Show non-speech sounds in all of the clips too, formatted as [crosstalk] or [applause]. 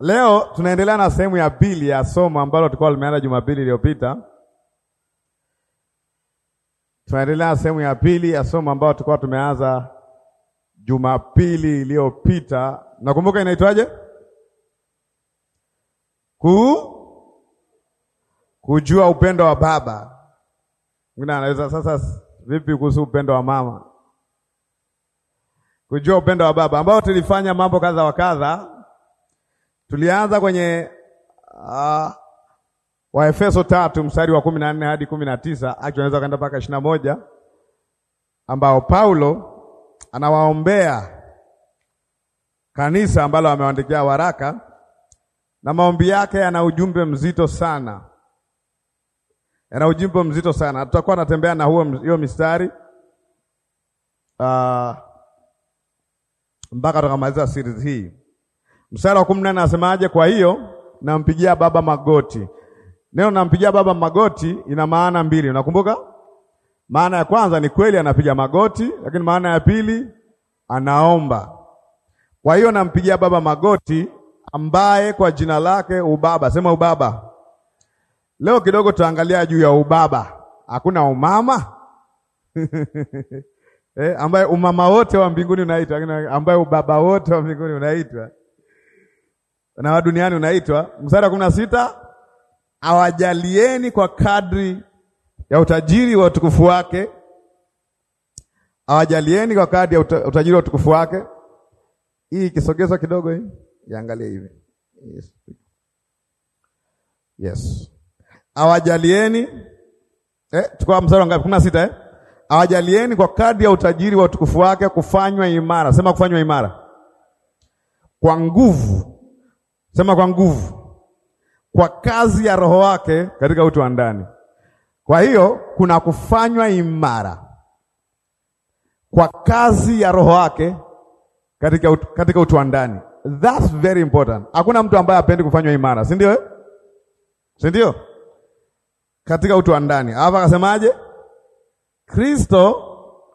Leo tunaendelea na sehemu ya pili ya somo ambalo tulikuwa limeanza Jumapili iliyopita. Tunaendelea na sehemu ya pili ya somo ambalo tulikuwa tumeanza Jumapili iliyopita. Nakumbuka inaitwaje? Ku kujua upendo wa baba. Mwingine anaweza sasa, vipi kuhusu upendo wa mama? Kujua upendo wa baba ambao tulifanya mambo kadha wa kadha Tulianza kwenye uh, ah, Waefeso tatu mstari wa kumi na nne hadi kumi na tisa aki unaweza kaenda mpaka ishirini na moja ambao Paulo anawaombea kanisa ambalo amewaandikia waraka, na maombi yake yana ujumbe mzito sana, yana ujumbe mzito sana. Tutakuwa natembea na huo hiyo mistari uh, mpaka tukamaliza series hii. Mstari wa kumi na anasemaje? Kwa hiyo nampigia Baba magoti. Neno nampigia Baba magoti ina maana mbili, unakumbuka? Maana ya kwanza ni kweli anapiga magoti, lakini maana ya pili anaomba. Kwa hiyo nampigia Baba magoti ambaye kwa jina lake ubaba, sema ubaba. Leo kidogo tutaangalia juu ya ubaba, hakuna umama [laughs] eh, ambaye umama wote wa mbinguni unaitwa, lakini ambaye ubaba wote wa mbinguni unaitwa na wa duniani unaitwa mstari wa kumi na sita awajalieni kwa kadri ya utajiri wa utukufu wake, awajalieni kwa kadri ya utajiri wa utukufu wake. Hii ikisogezwa kidogo hii, iangalie hivi yes. Yes. Awajalieni eh, tukao mstari ngapi? kumi na sita eh? Awajalieni kwa kadri ya utajiri wa utukufu wake kufanywa imara, sema kufanywa imara kwa nguvu Sema kwa nguvu, kwa kazi ya Roho wake katika utu wa ndani. Kwa hiyo kuna kufanywa imara kwa kazi ya Roho wake katika utu, katika utu wa ndani. That's very important. Hakuna mtu ambaye apendi kufanywa imara, si ndio? Eh? Si ndio? Katika utu wa ndani. Hapa akasemaje? Kristo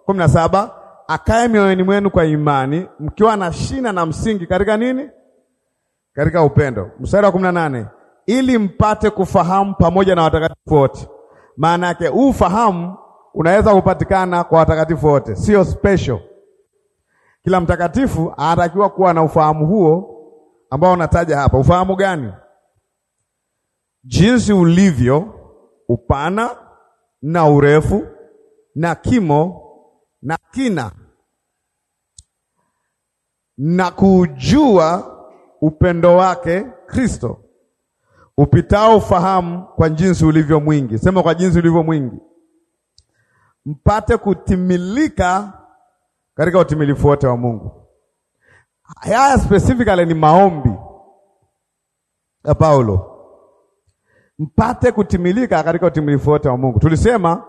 kumi na saba akae mioyoni mwenu kwa imani, mkiwa na shina na msingi katika nini? katika upendo. Mstari wa kumi na nane ili mpate kufahamu pamoja na watakatifu wote. Maana yake ufahamu unaweza kupatikana kwa watakatifu wote, sio special. Kila mtakatifu anatakiwa kuwa na ufahamu huo ambao unataja hapa. Ufahamu gani? Jinsi ulivyo upana na urefu na kimo na kina, na kujua upendo wake Kristo upitao ufahamu kwa jinsi ulivyo mwingi. Sema kwa jinsi ulivyo mwingi, mpate kutimilika katika utimilifu wote wa Mungu. Haya specifically ni maombi ya Paulo, mpate kutimilika katika utimilifu wote wa Mungu. Tulisema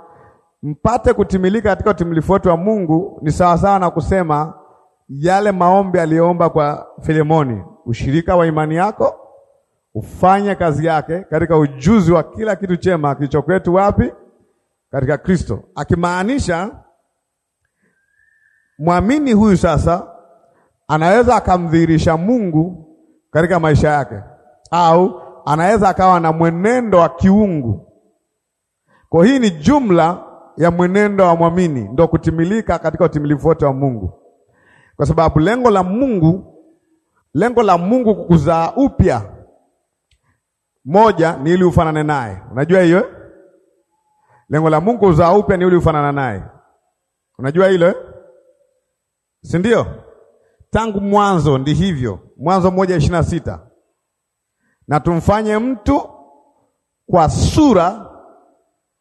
mpate kutimilika katika utimilifu wote wa Mungu ni sawasawa na kusema yale maombi aliyoomba kwa Filemoni, ushirika wa imani yako ufanye kazi yake katika ujuzi wa kila kitu chema kilicho kwetu wapi? Katika Kristo, akimaanisha mwamini huyu sasa anaweza akamdhihirisha Mungu katika maisha yake, au anaweza akawa na mwenendo wa kiungu. Kwa hii ni jumla ya mwenendo wa mwamini, ndo kutimilika katika utimilifu wote wa Mungu. Kwa sababu lengo la Mungu, lengo la Mungu kukuzaa upya, moja ni ili ufanane naye. Unajua hiyo? Lengo la Mungu kuzaa upya ni ili ufanane naye. Unajua hilo? Si ndio? Tangu mwanzo ndi hivyo, Mwanzo moja ishirini na sita na tumfanye mtu kwa sura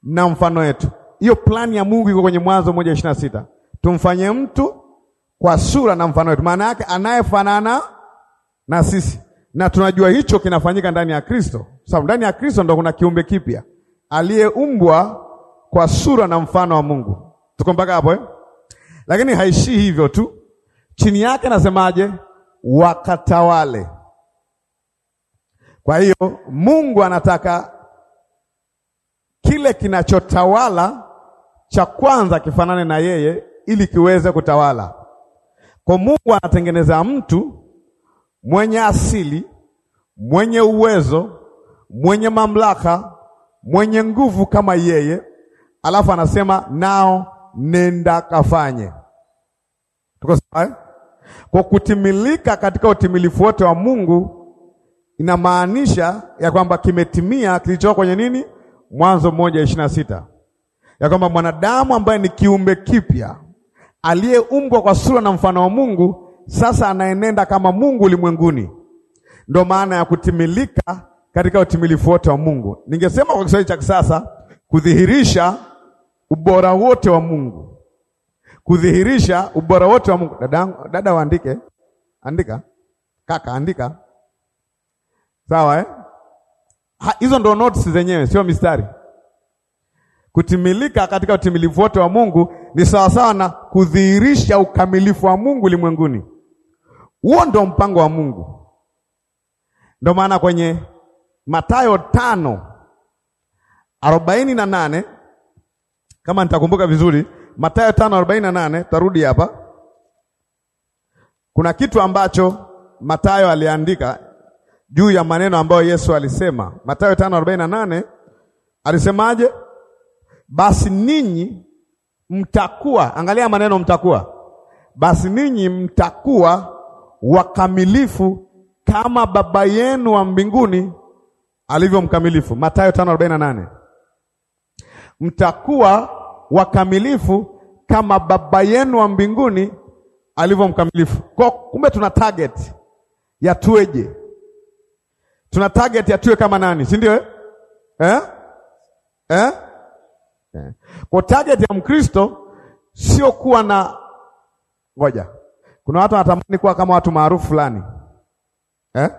na mfano wetu. Hiyo plani ya Mungu iko kwenye Mwanzo moja ishirini na sita tumfanye mtu kwa sura na mfano wetu, maana yake anayefanana na sisi, na tunajua hicho kinafanyika ndani ya Kristo, sababu ndani ya Kristo ndo kuna kiumbe kipya aliyeumbwa kwa sura na mfano wa Mungu. Tuko mpaka hapo eh? Lakini haishii hivyo tu, chini yake nasemaje? Wakatawale. Kwa hiyo Mungu anataka kile kinachotawala cha kwanza kifanane na yeye ili kiweze kutawala. Kwa Mungu anatengeneza mtu mwenye asili, mwenye uwezo, mwenye mamlaka, mwenye nguvu kama yeye, alafu anasema nao nenda kafanye. Tuko sawa? Eh? Kwa kutimilika katika utimilifu wote wa Mungu inamaanisha ya kwamba kimetimia kilichokuwa kwenye nini, Mwanzo moja ishirini na sita ya kwamba mwanadamu ambaye ni kiumbe kipya aliyeumbwa kwa sura na mfano wa Mungu sasa anaenenda kama Mungu ulimwenguni. Ndio maana ya kutimilika katika utimilifu wote wa Mungu. Ningesema kwa Kiswahili cha kisasa, kudhihirisha ubora wote wa Mungu, kudhihirisha ubora wote wa Mungu. Dada, dada waandike, andika kaka, andika sawa, eh? Hizo ndo notes zenyewe, sio mistari. Kutimilika katika utimilifu wote wa Mungu ni sawasawa na kudhihirisha ukamilifu wa Mungu ulimwenguni. Huo ndo mpango wa Mungu. Ndio maana kwenye Mathayo tano arobaini na nane kama nitakumbuka vizuri, Mathayo tano arobaini na nane tarudi hapa. Kuna kitu ambacho Mathayo aliandika juu ya maneno ambayo Yesu alisema. Mathayo tano arobaini na nane alisemaje? Basi ninyi mtakuwa, angalia maneno mtakuwa, basi ninyi mtakuwa wakamilifu kama Baba yenu wa mbinguni alivyo mkamilifu. Mathayo 5:48. Mtakuwa wakamilifu kama Baba yenu wa mbinguni alivyo mkamilifu. Kwa kumbe, tuna target ya tuweje? Tuna target ya tuwe kama nani, si ndio eh? Eh? Eh. Kwa target ya Mkristo sio kuwa na ngoja. Kuna watu wanatamani kuwa kama watu maarufu fulani eh?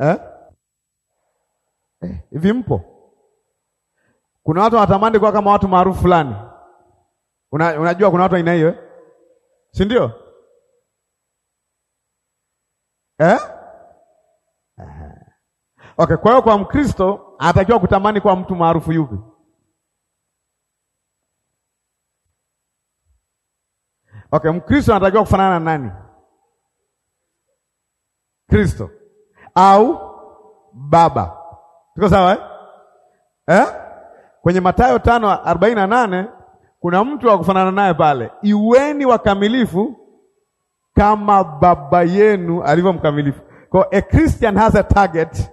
Eh? Eh, hivi mpo? Kuna watu wanatamani kuwa kama watu maarufu fulani. Una, unajua kuna watu aina hiyo eh? Si ndio? Eh? eh? Okay, kwa hiyo kwa Mkristo anatakiwa kutamani kuwa mtu maarufu yupi? Okay, Mkristo anatakiwa kufanana na nani? Kristo au Baba, tuko sawa eh? Eh? Kwenye Mathayo tano arobaini na nane kuna mtu wa kufanana naye pale, iweni wakamilifu kama baba yenu alivyo mkamilifu. Kwa a Christian has a target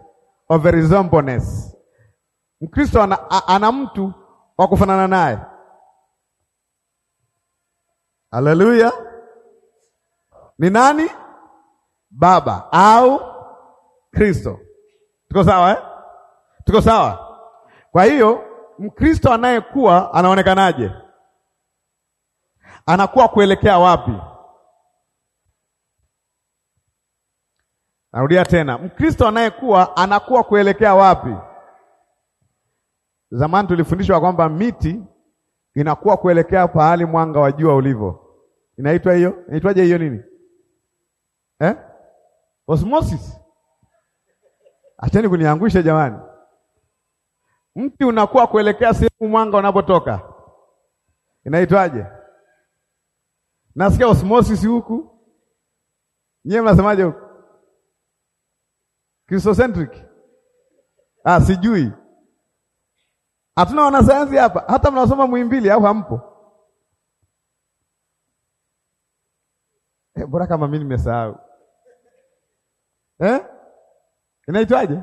of a resemblance. Mkristo ana, ana mtu wa kufanana naye Haleluya. Ni nani? Baba au Kristo. Tuko sawa eh? Tuko sawa. Kwa hiyo Mkristo anayekuwa anaonekanaje? Anakuwa kuelekea wapi? Narudia tena, Mkristo anayekuwa anakuwa kuelekea wapi? Zamani tulifundishwa kwamba miti inakuwa kuelekea pahali mwanga wa jua ulivyo inaitwa hiyo, inaitwaje hiyo nini eh? Osmosis. Acheni kuniangusha jamani. Mti unakuwa kuelekea sehemu mwanga unapotoka inaitwaje? Nasikia osmosis huku, nyewe mnasemaje huku? Christocentric? Ah, sijui, hatuna wanasayansi hapa, hata mnasoma Muhimbili au hampo? Eh, bora kama mimi nimesahau eh? Inaitwaje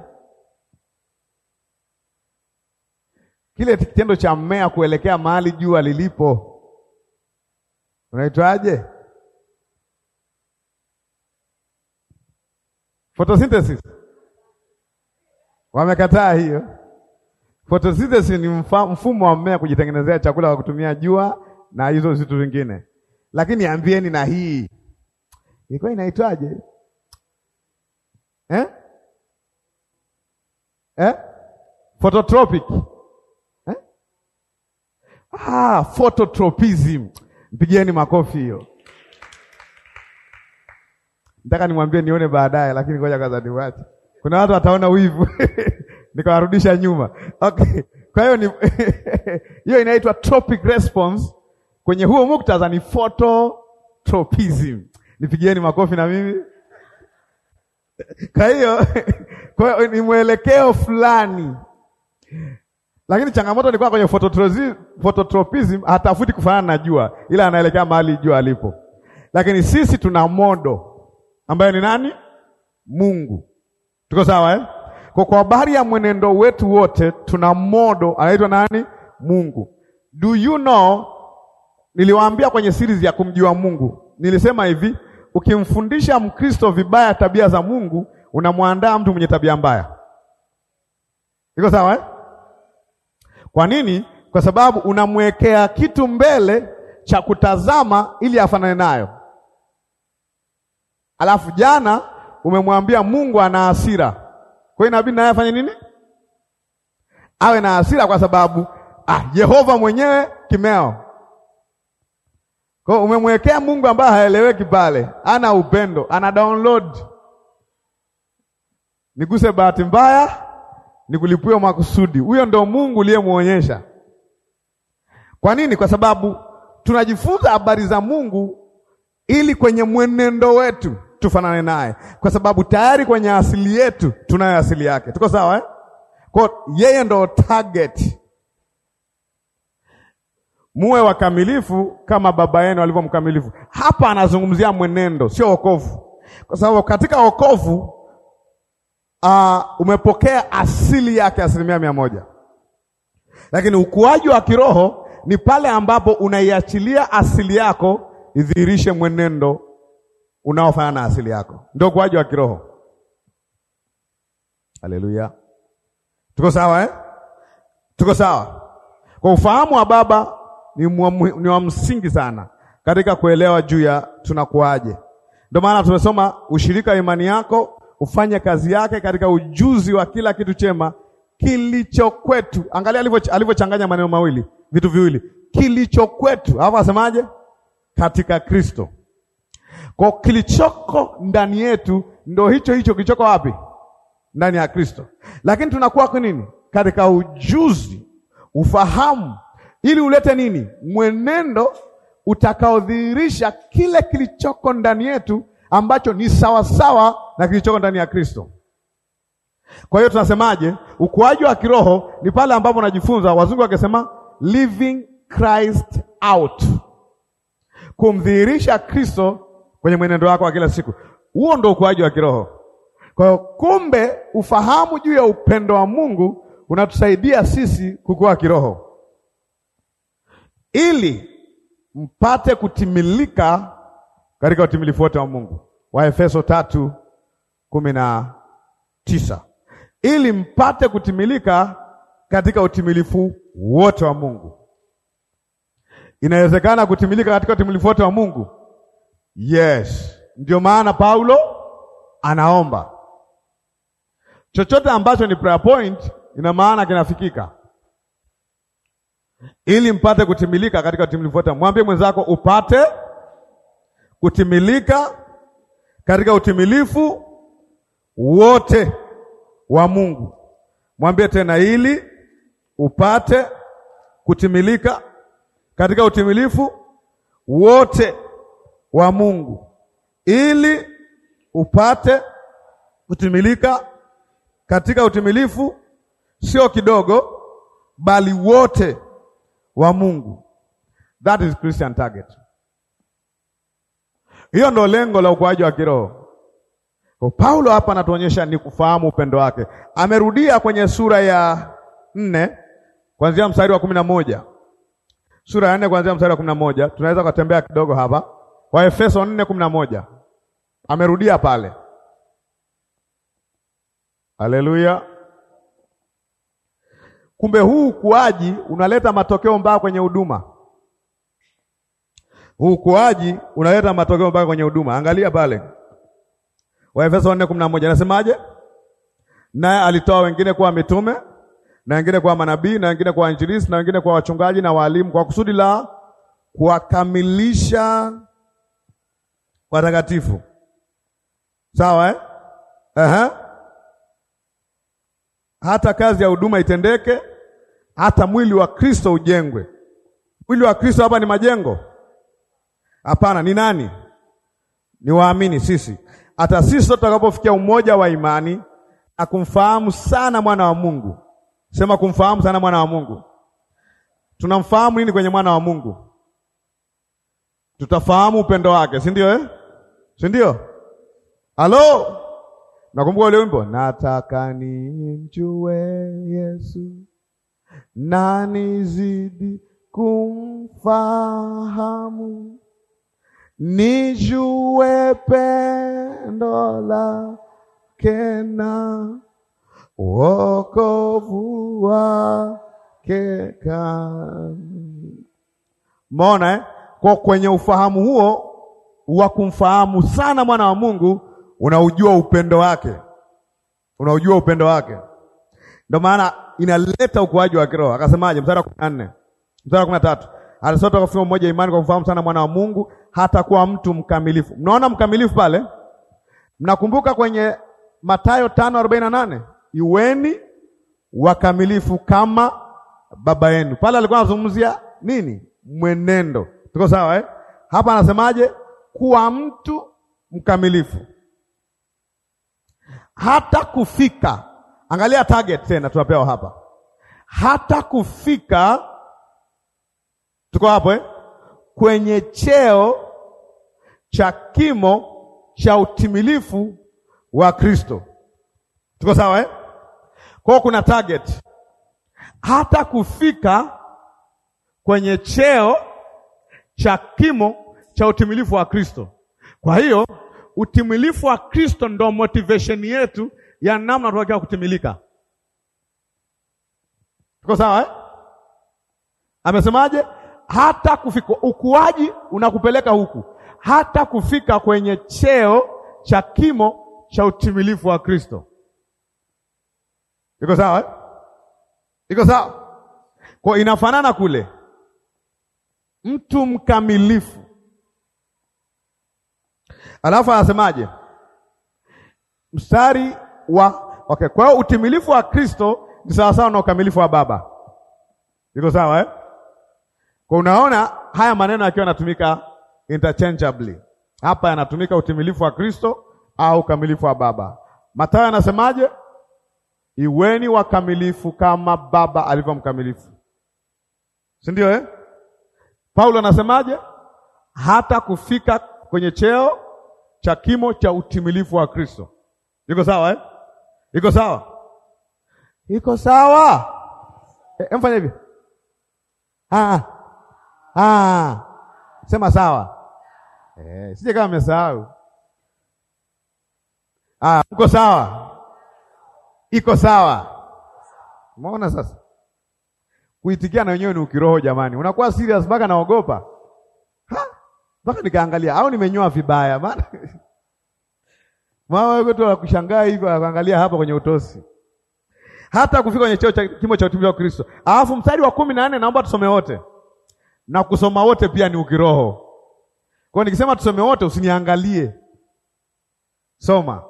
kile kitendo cha mmea kuelekea mahali jua lilipo, unaitwaje? Photosynthesis. Wamekataa hiyo. Photosynthesis ni mfumo wa mmea kujitengenezea chakula kwa kutumia jua na hizo vitu vingine, lakini ambieni na hii ilikuwa inaitwaje eh? Eh? Phototropic eh? Ah, phototropism. Mpigieni makofi hiyo. Nataka nimwambie nione baadaye, lakini ngoja kwanza niwaache. Kuna watu wataona wivu [laughs] nikawarudisha nyuma. Okay, kwa hiyo ni [laughs] hiyo inaitwa tropic response kwenye huo muktadha ni phototropism nipigieni makofi na mimi. Kwa hiyo [laughs] kwa hiyo ni mwelekeo fulani, lakini changamoto kwa kwenye phototropism, hatafuti kufanana na jua, ila anaelekea mahali jua alipo. Lakini sisi tuna modo ambayo ni nani? Mungu. Tuko sawa eh? Kwa kwa habari ya mwenendo wetu wote tuna modo anaitwa nani? Mungu. Do you know, niliwaambia kwenye series ya kumjua Mungu nilisema hivi Ukimfundisha Mkristo vibaya tabia za Mungu, unamwandaa mtu mwenye tabia mbaya. Iko sawa eh? Kwa nini? Kwa sababu unamwekea kitu mbele cha kutazama ili afanane nayo. Alafu jana umemwambia Mungu ana hasira, kwa hiyo inabidi naye afanye nini? Awe na hasira, kwa sababu ah, Yehova mwenyewe kimeo kwa umemwekea Mungu ambaye haeleweki pale, ana upendo, ana download. Niguse bahati mbaya, nikulipue makusudi. Huyo ndo Mungu uliyemuonyesha. Kwa nini? Kwa sababu tunajifunza habari za Mungu ili kwenye mwenendo wetu tufanane naye, kwa sababu tayari kwenye asili yetu tunayo asili yake. Tuko sawa eh? Kwa yeye ndo target muwe wakamilifu kama baba yenu alivyo mkamilifu. Hapa anazungumzia mwenendo, sio wokovu, kwa sababu katika wokovu uh, umepokea asili yake asilimia mia moja, lakini ukuaji wa kiroho ni pale ambapo unaiachilia asili yako idhihirishe mwenendo unaofanana na asili yako, ndio ukuaji wa kiroho. Haleluya, tuko sawa eh? Tuko sawa kwa ufahamu wa baba ni, ni wa msingi sana katika kuelewa juu ya tunakuaje. Ndio maana tumesoma ushirika wa imani yako ufanye kazi yake katika ujuzi wa kila kitu chema kilicho kwetu. Angalia alivyochanganya maneno mawili, vitu viwili, kilicho kwetu, halafu asemaje? Katika Kristo. Kwa kilichoko ndani yetu ndo hicho hicho kilichoko wapi? Ndani ya Kristo. Lakini tunakuwa kwa nini? Katika ujuzi, ufahamu ili ulete nini? Mwenendo utakaodhihirisha kile kilichoko ndani yetu ambacho ni sawasawa na kilichoko ndani ya Kristo. Kwa hiyo tunasemaje? Ukuaji wa kiroho ni pale ambapo unajifunza, wazungu wakisema living Christ out, kumdhihirisha Kristo kwenye mwenendo wako wa kila siku. Huo ndio ukuaji wa kiroho. Kwa hiyo, kumbe ufahamu juu ya upendo wa Mungu unatusaidia sisi kukua kiroho ili mpate kutimilika katika utimilifu wote wa Mungu. Waefeso tatu kumi na tisa ili mpate kutimilika katika utimilifu wote wa Mungu. Inawezekana kutimilika katika utimilifu wote wa Mungu? Yes, ndio maana Paulo anaomba chochote ambacho ni prayer point, ina maana kinafikika ili mpate kutimilika katika utimilifu wote. Mwambie mwenzako upate kutimilika katika utimilifu wote wa Mungu. Mwambie tena, ili upate kutimilika katika utimilifu wote wa Mungu, ili upate kutimilika katika utimilifu sio kidogo, bali wote wa Mungu. That is Christian target. Hiyo ndo lengo la ukuaji wa kiroho. Kwa Paulo hapa anatuonyesha ni kufahamu upendo wake. Amerudia kwenye sura ya nne kuanzia mstari wa kumi na moja. Sura ya nne kuanzia mstari wa kumi na moja. Tunaweza kutembea kidogo hapa kwa Efeso nne kumi na moja. Amerudia pale. Haleluya. Kumbe huu ukuaji unaleta matokeo mbaya kwenye huduma. Huu ukuaji unaleta matokeo mbaya kwenye huduma. Angalia pale Waefeso 4:11 anasemaje? Naye alitoa wengine kuwa mitume na wengine kuwa manabii na wengine kuwa injilisti na wengine kuwa wachungaji na waalimu kwa kusudi la kuwakamilisha watakatifu. Sawa eh? Aha. Hata kazi ya huduma itendeke hata mwili wa Kristo ujengwe. Mwili wa Kristo hapa ni majengo? Hapana, ni nani? Ni waamini sisi. Hata sisi sote tutakapofikia umoja wa imani na kumfahamu sana mwana wa Mungu. Sema kumfahamu sana mwana wa Mungu. Tunamfahamu nini kwenye mwana wa Mungu? Tutafahamu upendo wake, si ndio eh? Si ndio? Halo? Nakumbuka ule wimbo, nataka nimjue Yesu na nizidi kumfahamu? Nijue pendo lake na wokovu wake kamili. Mona eh? Kwa kwenye ufahamu huo wa kumfahamu sana mwana wa Mungu, unaujua upendo wake, unaujua upendo wake, ndio maana inaleta ukuaji wa kiroho. Akasemaje? mstari wa kumi na nne mstari wa kumi na tatu alisote akafuma mmoja imani kwa kufahamu sana mwana wa Mungu hata kuwa mtu mkamilifu. Mnaona mkamilifu pale, mnakumbuka kwenye Mathayo tano arobaini na nane iweni wakamilifu kama baba yenu. Pale alikuwa anazungumzia nini? Mwenendo. Tuko sawa eh? Hapa anasemaje? Kuwa mtu mkamilifu hata kufika Angalia target tena tunapewa hapa, hata kufika, tuko hapo eh? kwenye cheo cha kimo cha utimilifu wa Kristo. Tuko sawa eh? Kwa kuna target, hata kufika kwenye cheo cha kimo cha utimilifu wa Kristo. Kwa hiyo utimilifu wa Kristo ndo motivation yetu ya namna tunatakiwa kutimilika. Tuko sawa eh? Amesemaje? hata kufika ukuaji unakupeleka huku, hata kufika kwenye cheo cha kimo cha utimilifu wa Kristo. Iko sawa eh? Iko sawa kwa, inafanana kule, mtu mkamilifu. Alafu anasemaje mstari wa okay. Kwa hiyo utimilifu wa Kristo ni sawasawa na ukamilifu wa Baba. Iko sawa eh? Kwa unaona haya maneno yakiwa yanatumika interchangeably. Hapa yanatumika utimilifu wa Kristo au ukamilifu wa Baba. Mathayo anasemaje? Iweni wakamilifu kama Baba alivyo mkamilifu, si ndio eh? Paulo anasemaje? Hata kufika kwenye cheo cha kimo cha utimilifu wa Kristo. Iko sawa eh? Iko sawa? Iko sawa? mfanye eh, hivi. Ah. Ah. Sema sawa. Eh, sije kama mmesahau. Ah, uko sawa? Iko sawa? Umeona sasa? Kuitikia na wenyewe ni ukiroho jamani. Unakuwa serious mpaka naogopa. Ha? Mpaka nikaangalia au nimenyoa vibaya maana Mama yuko tu anakushangaa hivyo, anaangalia hapa kwenye utosi, hata kufika kwenye cheo cha kimo cha utumishi wa Kristo. Alafu mstari wa kumi na nne naomba tusome wote, na kusoma wote pia ni ukiroho. Kwa nikisema tusome wote, usiniangalie, soma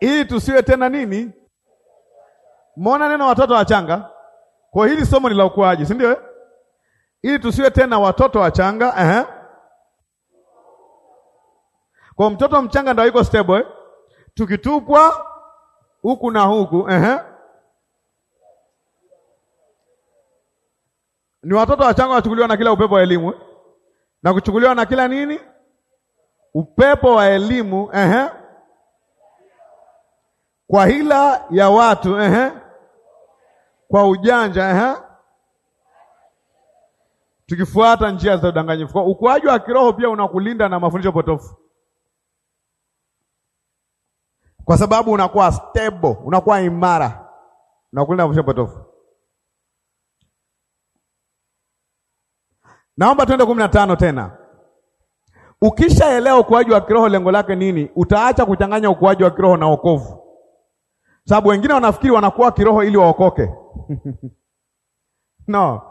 ili tusiwe tena nini, mona neno watoto wachanga. Kwa hili somo ni la ukuaji, si ndio? Eh? Ili tusiwe tena watoto wachanga, eh Uh -huh. Kwa mtoto mchanga ndio yuko stable eh? Tukitupwa huku na huku eh, ni watoto wachanga wachukuliwa na kila upepo wa elimu eh? na kuchukuliwa na kila nini upepo wa elimu eh, kwa hila ya watu eh, kwa ujanja eh, tukifuata njia za udanganyifu. ukuaji wa kiroho pia unakulinda na mafundisho potofu kwa sababu unakuwa stable, unakuwa imara, unakulinda mwisho potofu. Naomba twende kumi na tano tena. Ukishaelewa ukuaji wa kiroho lengo lake nini, utaacha kuchanganya ukuaji wa kiroho na wokovu, sababu wengine wanafikiri wanakuwa kiroho ili waokoke. [laughs] No,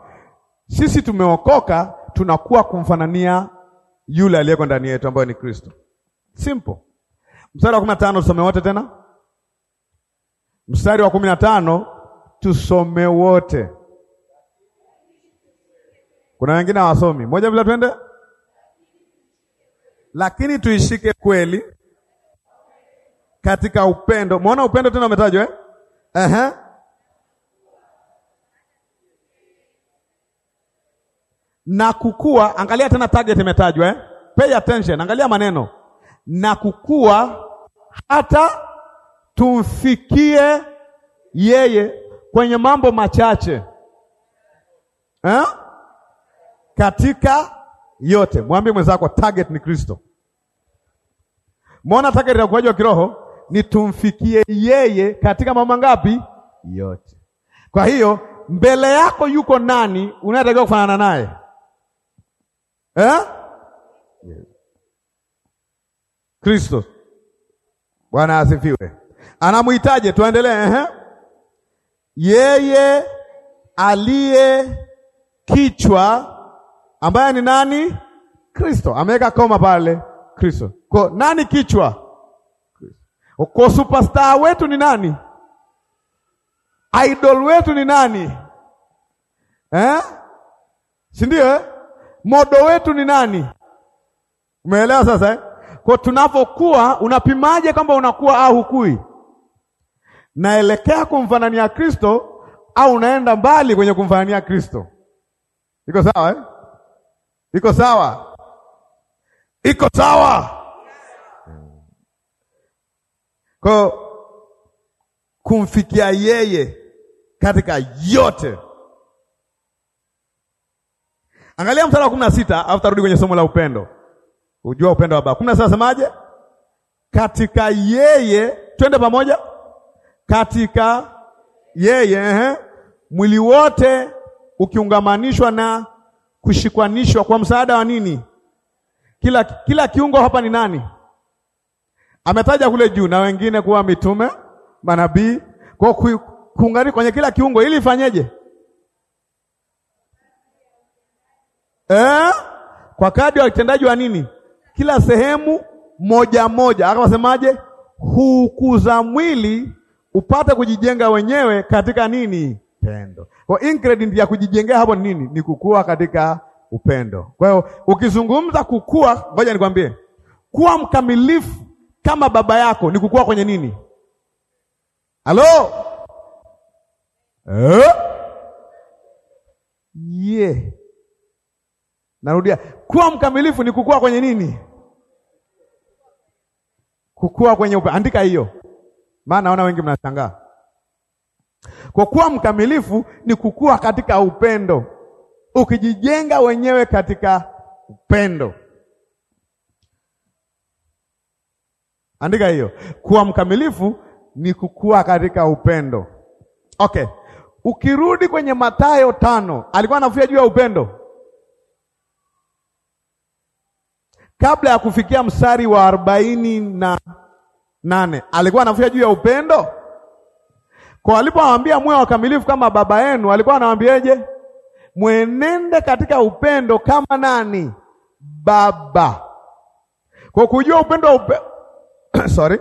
sisi tumeokoka, tunakuwa kumfanania yule aliyeko ndani yetu ambaye ni Kristo. Simple. Mstari wa kumi na tano tusome wote tena. Mstari wa kumi na tano tusome wote. Kuna wengine hawasomi moja bila, twende. Lakini tuishike kweli katika upendo. Muona upendo tena umetajwa eh? Aha. Na kukua, angalia tena target imetajwa eh? Pay attention, angalia maneno na kukua hata tumfikie yeye kwenye mambo machache eh? Katika yote mwambie mwenzako target ni Kristo. Mwona target ya ukuaji wa kiroho ni tumfikie yeye katika mambo mangapi? Yote. Kwa hiyo mbele yako yuko nani unayetakiwa kufanana naye eh? Kristo. Bwana asifiwe. Anamwitaje? Tuendelee. Ehe, yeye aliye kichwa ambaye ni nani? Kristo. Ameweka koma pale Kristo. Kwa nani kichwa? Kwa superstar wetu ni nani? Idol wetu ni nani eh? Si ndio? Eh? Modo wetu ni nani? Umeelewa sasa eh? Kwa tunapokuwa, unapimaje kwamba unakuwa au hukui? Naelekea kumfanania Kristo au unaenda mbali kwenye kumfanania Kristo? Iko sawa eh? Iko sawa, iko sawa. Kwa kumfikia yeye katika yote. Angalia mstari wa kumi na sita, afu tarudi kwenye somo la upendo. Ujua upendo wa Baba. Kumi na saba Katika yeye, twende pamoja. Katika yeye eh, mwili wote ukiungamanishwa na kushikwanishwa kwa msaada wa nini? Kila, kila kiungo hapa ni nani? Ametaja kule juu na wengine kuwa mitume, manabii, kwa kuunganika kwenye kila kiungo ili ifanyeje? Eh? Kwa kadri ya utendaji wa nini? kila sehemu moja moja. Akawasemaje? hukuza mwili upate kujijenga wenyewe katika nini? Pendo. Kwa ingredient ya kujijengea hapo nini? Ni kukua katika upendo. Kwa hiyo ukizungumza kukua, ngoja nikwambie, kuwa mkamilifu kama baba yako ni kukua kwenye nini? Halo, eh? yeah. Narudia, kuwa mkamilifu ni kukua kwenye nini? Kukua kwenye upe. Andika hiyo, maana naona wengi mnashangaa. Kwa kuwa mkamilifu ni kukua katika upendo, ukijijenga wenyewe katika upendo. Andika hiyo, kuwa mkamilifu ni kukua katika upendo. Okay, ukirudi kwenye Mathayo tano, alikuwa anafuya juu ya upendo kabla ya kufikia mstari wa arobaini na nane alikuwa anafuya juu ya upendo. Kwa alipowaambia mwe wakamilifu kama baba yenu, alikuwa anawaambiaje? Mwenende katika upendo kama nani? Baba. Kwa kujua upendo upe... [clears throat] sorry,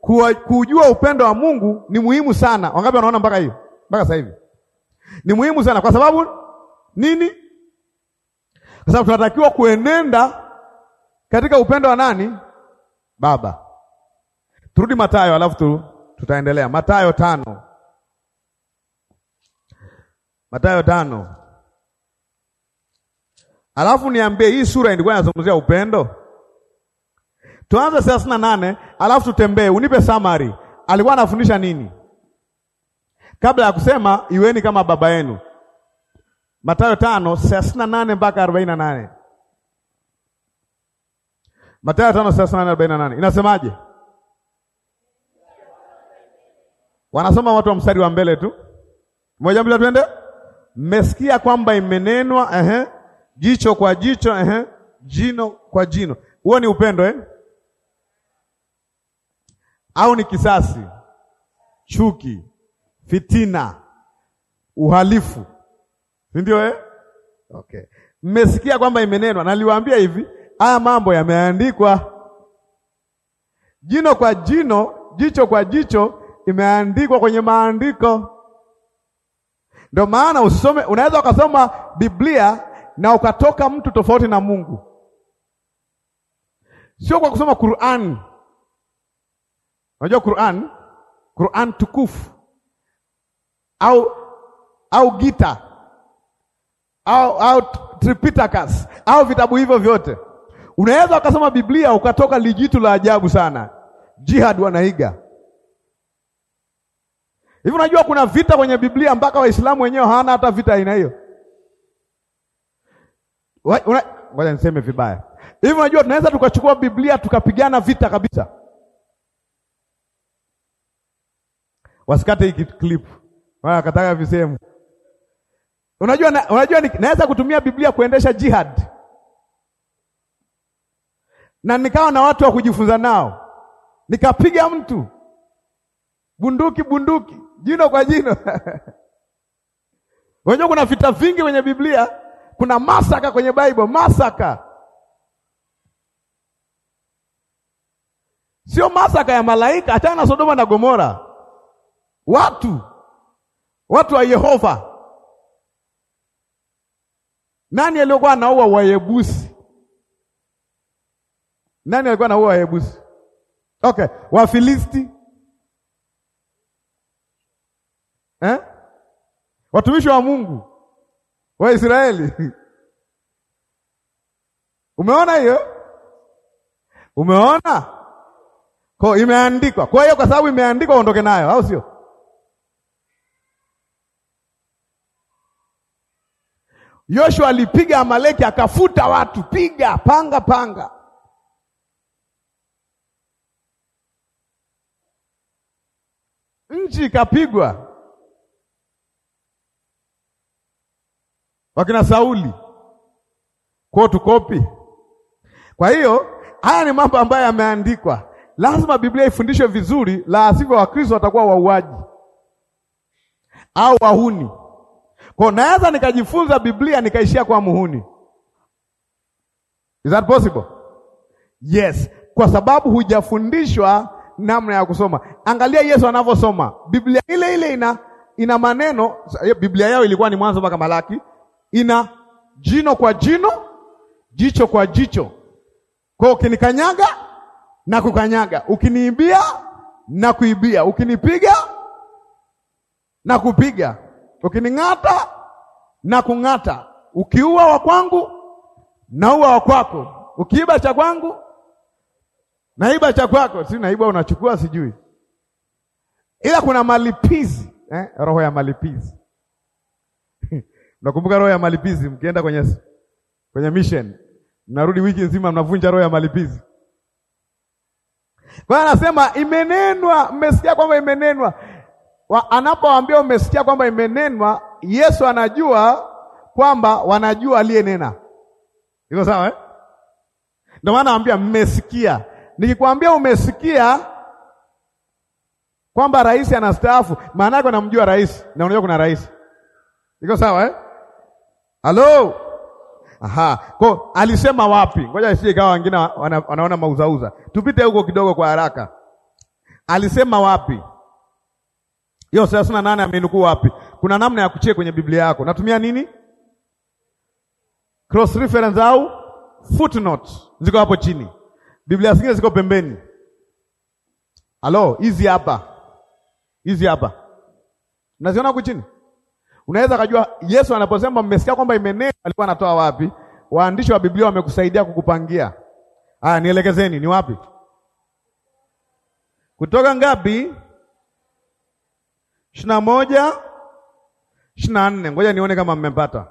kwa kujua upendo wa Mungu ni muhimu sana. Wangapi wanaona mpaka hiyo? Mpaka sasa hivi ni muhimu sana, kwa sababu nini? Kwa sababu tunatakiwa kuenenda katika upendo wa nani? Baba. Turudi Mathayo, alafu tu, tutaendelea Mathayo tano, Mathayo tano, alafu niambie hii sura ilikuwa inazungumzia upendo. Tuanze thelathini na nane alafu tutembee, unipe summary. Alikuwa anafundisha nini kabla ya kusema iweni kama baba yenu? Mathayo tano thelathini na nane mpaka arobaini na nane. Mathayo 5:38 inasemaje? Wanasoma watu wa mstari wa mbele tu. Moja mbili twende. Mmesikia kwamba imenenwa ehe, jicho kwa jicho ehe, jino kwa jino. Huo ni upendo eh? Au ni kisasi, chuki, fitina, uhalifu, si ndio eh? Okay. Mmesikia kwamba imenenwa, naliwaambia hivi haya mambo yameandikwa jino kwa jino, jicho kwa jicho, imeandikwa kwenye maandiko. Ndio maana usome, unaweza ukasoma Biblia na ukatoka mtu tofauti na Mungu, sio kwa kusoma Qur'an. Unajua Qur'an, Qur'an tukufu au au Gita au au Tripitakas au vitabu hivyo vyote Unaweza ukasoma Biblia ukatoka lijitu la ajabu sana. Jihad wanaiga hivi. Unajua kuna vita kwenye Biblia mpaka Waislamu wenyewe hawana hata vita aina hiyo. Ngoja niseme vibaya hivi. Unajua tunaweza tukachukua Biblia tukapigana vita kabisa. Wasikate hii clip, kataka visehemu. Unajua, unajua naweza kutumia Biblia kuendesha jihad na nikawa na watu wa kujifunza nao, nikapiga mtu bunduki bunduki, jino kwa jino [laughs] wenyewe. Kuna vita vingi kwenye Biblia, kuna masaka kwenye Bible, masaka Sio masaka ya malaika, achana na Sodoma na Gomora. Watu watu wa Yehova, nani aliyokuwa anaua Wayebusi? Nani alikuwa na Wayebusi? Okay, Wafilisti eh? Watumishi wa Mungu wa Israeli [laughs] umeona hiyo, umeona kwa imeandikwa. Kwa hiyo kwa sababu imeandikwa uondoke nayo, au sio? Yoshua alipiga Amaleki akafuta watu, piga panga panga nchi ikapigwa, wakina Sauli kwa tukopi. Kwa hiyo haya ni mambo ambayo yameandikwa, lazima Biblia ifundishwe vizuri, la sivyo Wakristo watakuwa wauaji au wahuni. Kwa naweza nikajifunza Biblia nikaishia kwa muhuni. Is that possible? Yes, kwa sababu hujafundishwa namna ya kusoma. Angalia Yesu anavyosoma Biblia ile ile, ina ina maneno. Biblia yao ilikuwa ni Mwanzo mpaka Malaki, ina jino kwa jino, jicho kwa jicho, kwa ukinikanyaga na kukanyaga, ukiniibia na kuibia, ukinipiga na kupiga, ukining'ata na kung'ata, ukiua wa kwangu na ua wa kwako, ukiiba cha kwangu naiba cha kwako, si naiba unachukua, sijui, ila kuna malipizi eh, roho ya malipizi [laughs] nakumbuka roho ya malipizi? Mkienda kwenye kwenye mission, mnarudi wiki nzima, mnavunja roho ya malipizi. Kwa anasema imenenwa, mmesikia kwamba imenenwa. Anapowaambia umesikia kwamba imenenwa, Yesu anajua kwamba wanajua aliyenena. Iko sawa eh? Ndio maana anambia mmesikia Nikikwambia umesikia kwamba rais anastaafu, maana yake namjua rais na unajua kuna rais. Iko sawa eh? Halo. Aha. Ko, alisema wapi? Ngoja isije ikawa wengine wana, wanaona mauzauza. Tupite huko kidogo kwa haraka. Alisema wapi? Hiyo thelathini na nane amenukuu wapi? Kuna namna ya kucheki kwenye Biblia yako. Natumia nini? Cross reference au footnote ziko hapo chini. Biblia zingine ziko pembeni. Halo, hizi hapa, hizi hapa naziona huku chini. Unaweza kujua Yesu anaposema mmesikia kwamba imenena, alikuwa anatoa wapi? Waandishi wa Biblia wamekusaidia kukupangia. Aya, nielekezeni ni wapi? Kutoka ngapi? ishirini na moja ishirini na nne Ngoja nione kama mmepata.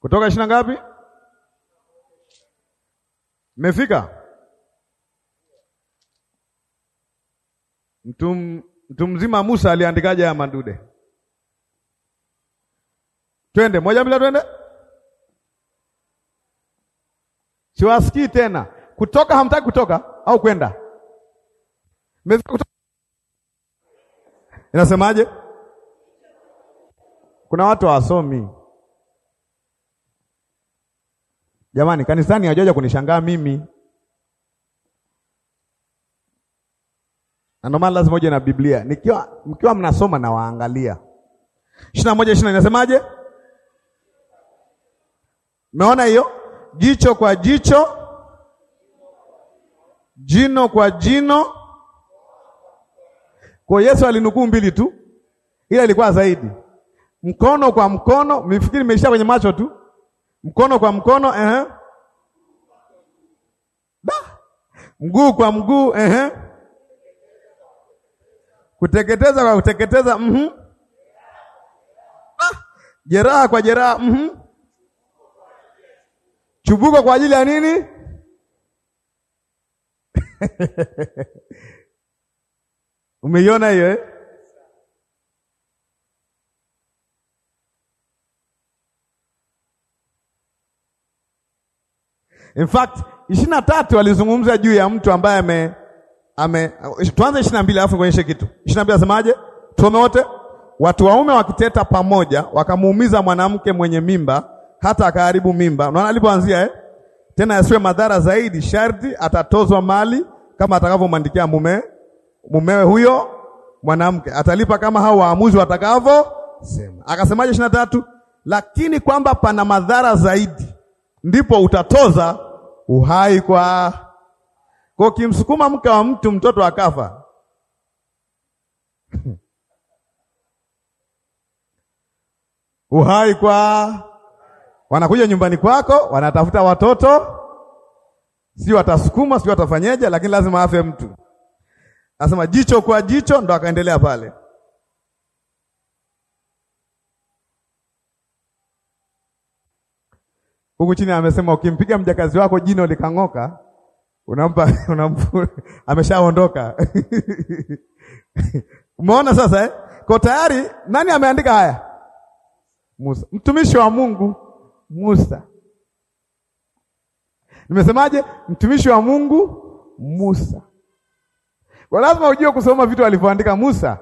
Kutoka ishirini na ngapi? Mmefika? Mtu mtu mzima Musa aliandikaje ya Mandude? Twende moja bila twende, siwasikii tena. Kutoka hamtaki kutoka au kwenda? Mmefika kutoka? Inasemaje? Kuna watu hawasomi Jamani, kanisani hajaja kunishangaa mimi, na ndio maana lazima uje na Biblia. Nikiwa mkiwa mnasoma na waangalia ishirini na moja ishirini inasemaje? Meona hiyo, jicho kwa jicho, jino kwa jino. Kwa Yesu alinukuu mbili tu, ila ilikuwa zaidi, mkono kwa mkono. Mifikiri imeishia kwenye macho tu mkono kwa mkono eh, mguu kwa mguu eh, kuteketeza kwa kuteketeza mm, jeraha kwa jeraha mm, chubuko kwa ajili ya nini? [laughs] Umeiona hiyo eh? In fact, ishirini na tatu alizungumza juu ya mtu ambaye ame, ame tuanze ishirini na mbili alafu nikuonyeshe kitu. ishirini na mbili asemaje? Tusome wote. Watu waume wakiteta pamoja wakamuumiza mwanamke mwenye mimba hata akaharibu mimba. Unaona alipoanzia eh? Tena yasiwe madhara zaidi, sharti atatozwa mali kama atakavyomwandikia mume mumewe huyo mwanamke, atalipa kama hao waamuzi watakavyo sema. Akasemaje ishirini na tatu? Lakini kwamba pana madhara zaidi, ndipo utatoza uhai kwa kwa, kimsukuma mke wa mtu mtoto akafa. [laughs] uhai kwa, wanakuja nyumbani kwako, wanatafuta watoto, si watasukuma, si watafanyeje, lakini lazima afe mtu. Anasema jicho kwa jicho, ndo akaendelea pale. Huku chini amesema ukimpiga mjakazi wako jino likang'oka, unampa, [laughs] ameshaondoka. [laughs] Umeona sasa eh? Kwa tayari nani ameandika haya? Musa, mtumishi wa Mungu Musa. Nimesemaje? Mtumishi wa Mungu Musa. Kwa lazima ujue kusoma vitu alivyoandika Musa,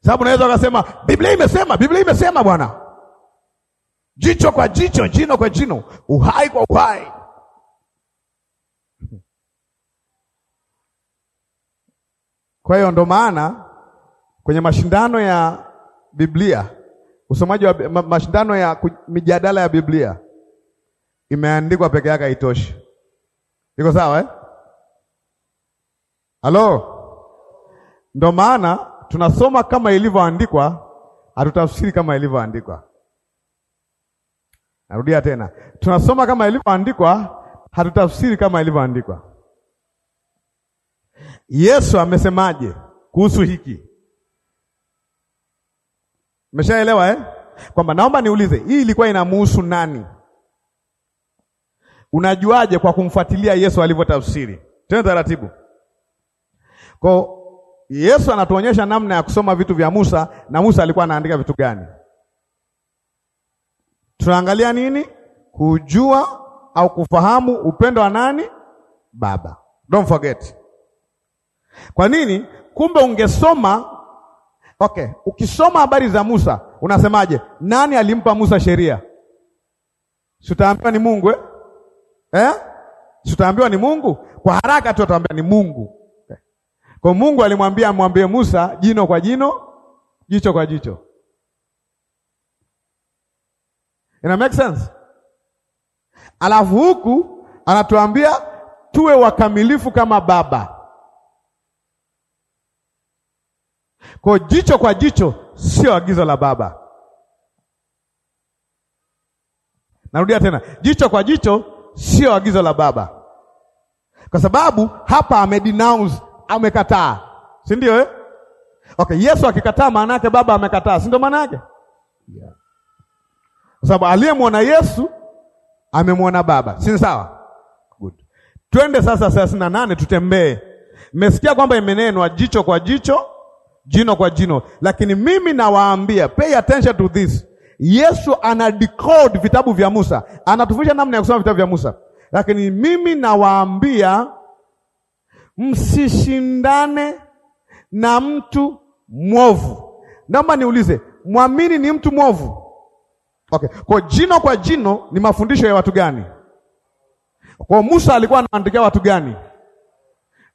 sababu unaweza ukasema Biblia imesema, Biblia imesema bwana jicho kwa jicho, jino kwa jino, uhai kwa uhai. Kwa hiyo ndo maana kwenye mashindano ya Biblia, usomaji wa mashindano ya mijadala ya Biblia imeandikwa peke yake haitoshi. Iko sawa eh? Halo, ndo maana tunasoma kama ilivyoandikwa, hatutafsiri kama ilivyoandikwa. Narudia tena, tunasoma kama ilivyoandikwa, hatutafsiri kama ilivyoandikwa. Yesu amesemaje kuhusu hiki? Meshaelewa eh? Kwamba naomba niulize, hii ilikuwa inamuhusu nani? Unajuaje? Kwa kumfuatilia Yesu alivyotafsiri. Tena taratibu kwa Yesu anatuonyesha namna ya kusoma vitu vya Musa, na Musa alikuwa anaandika vitu gani? Tunaangalia nini? Kujua au kufahamu upendo wa nani? Baba. Don't forget. Kwa nini? Kumbe ungesoma, okay, ukisoma habari za Musa unasemaje? Nani alimpa Musa sheria? Sutaambiwa ni Mungu eh? Eh? Sutaambiwa ni Mungu kwa haraka tu, ataambia ni Mungu. Kwa Mungu alimwambia amwambie Musa jino kwa jino, jicho kwa jicho. Ina make sense? Alafu huku anatuambia tuwe wakamilifu kama Baba. Kwa jicho kwa jicho sio agizo la Baba. Narudia tena, jicho kwa jicho sio agizo la Baba, kwa sababu hapa amedenounce, amekataa, si ndio eh? Okay, Yesu akikataa maana yake Baba amekataa, si ndio maana yake? Yeah kwa sababu aliyemwona Yesu amemwona Baba, si sawa? Good, twende sasa thelathini na nane, tutembee. Mmesikia kwamba imenenwa jicho kwa jicho, jino kwa jino, lakini mimi nawaambia, pay attention to this. Yesu ana decode vitabu vya Musa, anatufundisha namna ya kusoma vitabu vya Musa, lakini mimi nawaambia msishindane na mtu mwovu. Naomba niulize, mwamini ni mtu mwovu? Okay. Kwa jino kwa jino ni mafundisho ya watu gani? Kwa Musa alikuwa anaandikia watu gani?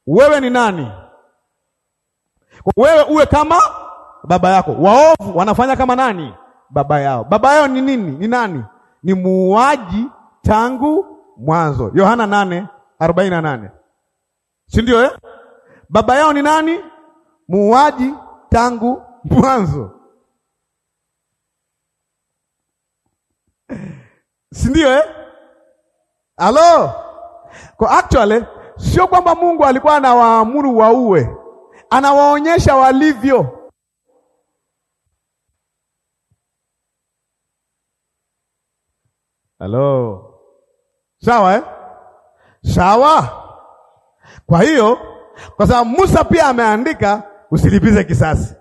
Wewe ni nani? Kwa wewe uwe kama baba yako. Waovu wanafanya kama nani? Baba yao. Baba yao ni nini? Ni nani? Ni muuaji tangu mwanzo. Yohana 8:48. Si ndio eh? Baba yao ni nani? Muuaji tangu mwanzo. si ndio eh? Halo, kwa actually sio kwamba Mungu alikuwa anawaamuru waue, anawaonyesha walivyo. Halo, sawa eh? Sawa. Kwa hiyo kwa sababu Musa pia ameandika usilipize kisasi,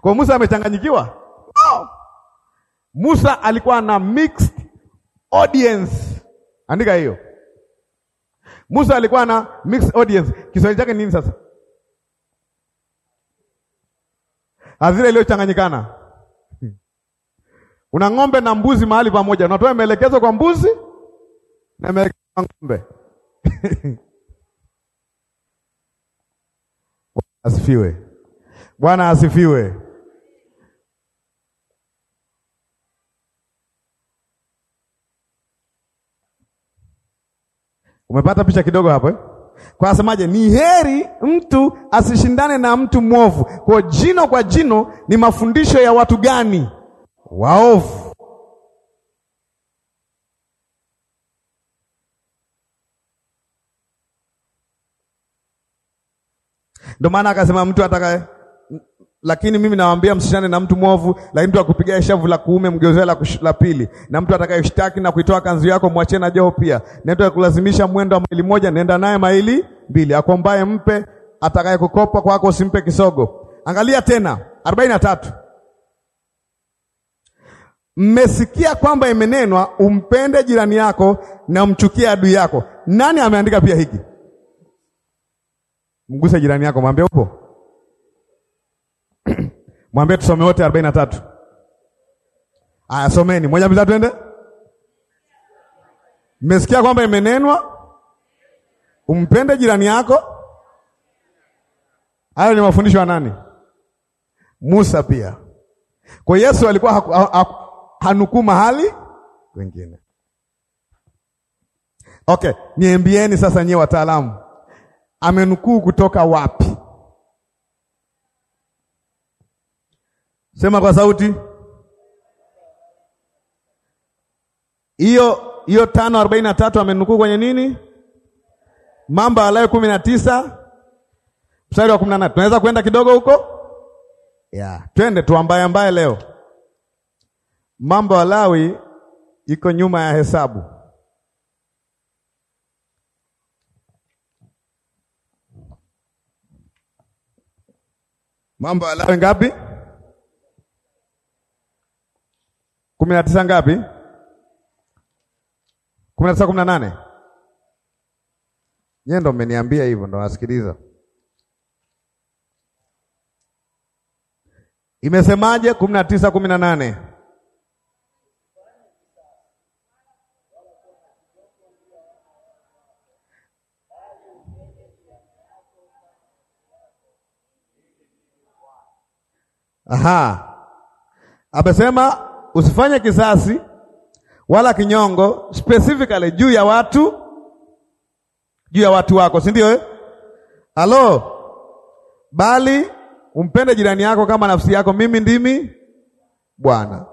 kwa Musa amechanganyikiwa Musa alikuwa na mixed audience. Andika hiyo. Musa alikuwa na mixed audience. Kiswahili chake nini sasa? Hazira iliyochanganyikana. Una ng'ombe na mbuzi mahali pamoja. Unatoa maelekezo kwa mbuzi na maelekezo kwa ng'ombe. [laughs] Asifiwe. Bwana asifiwe. Umepata picha kidogo hapo eh? Kwa asemaje, ni heri mtu asishindane na mtu mwovu. Kwa jino kwa jino ni mafundisho ya watu gani? Waovu. Ndio maana akasema mtu atakaye lakini mimi nawaambia msishane na mtu mwovu, lakini mtu akupigia shavu la kuume mgeuzea la, la pili, na mtu atakayeshtaki na kuitoa kanzu yako mwachie na joho pia, na mtu akulazimisha mwendo wa maili moja nenda naye maili mbili. Akombaye mpe, atakayekukopa kwako usimpe kisogo. Angalia tena arobaini tatu. Mmesikia kwamba imenenwa umpende jirani yako na umchukie adui yako. Nani ameandika pia hiki? Mguse jirani yako, mwambie upo Mwambie tusome wote arobaini na tatu. Aya, someni moja, mbili, tatu, twende. Mmesikia kwamba imenenwa umpende jirani yako. Hayo ni mafundisho ya nani? Musa. Pia kwa Yesu alikuwa ha ha ha hanukuu mahali wengine. Okay, niambieni sasa, nyie wataalamu, amenukuu kutoka wapi? Sema kwa sauti. Hiyo hiyo tano arobaini na tatu amenukuu kwenye nini? Mambo ya Walawi kumi na tisa mstari wa kumi na nane. Tunaweza kwenda kidogo huko yeah. Twende tuambaye ambaye leo Mambo ya Walawi iko nyuma ya Hesabu. Mambo ya Walawi ngapi? kumi na tisa ngapi? kumi na tisa kumi na nane Nyie ndo mmeniambia hivyo, ndo nasikiliza. Imesemaje? kumi na tisa kumi na nane Aha, amesema usifanye kisasi wala kinyongo, specifically juu ya watu, juu ya watu wako, si ndio eh? alo, bali umpende jirani yako kama nafsi yako, mimi ndimi Bwana.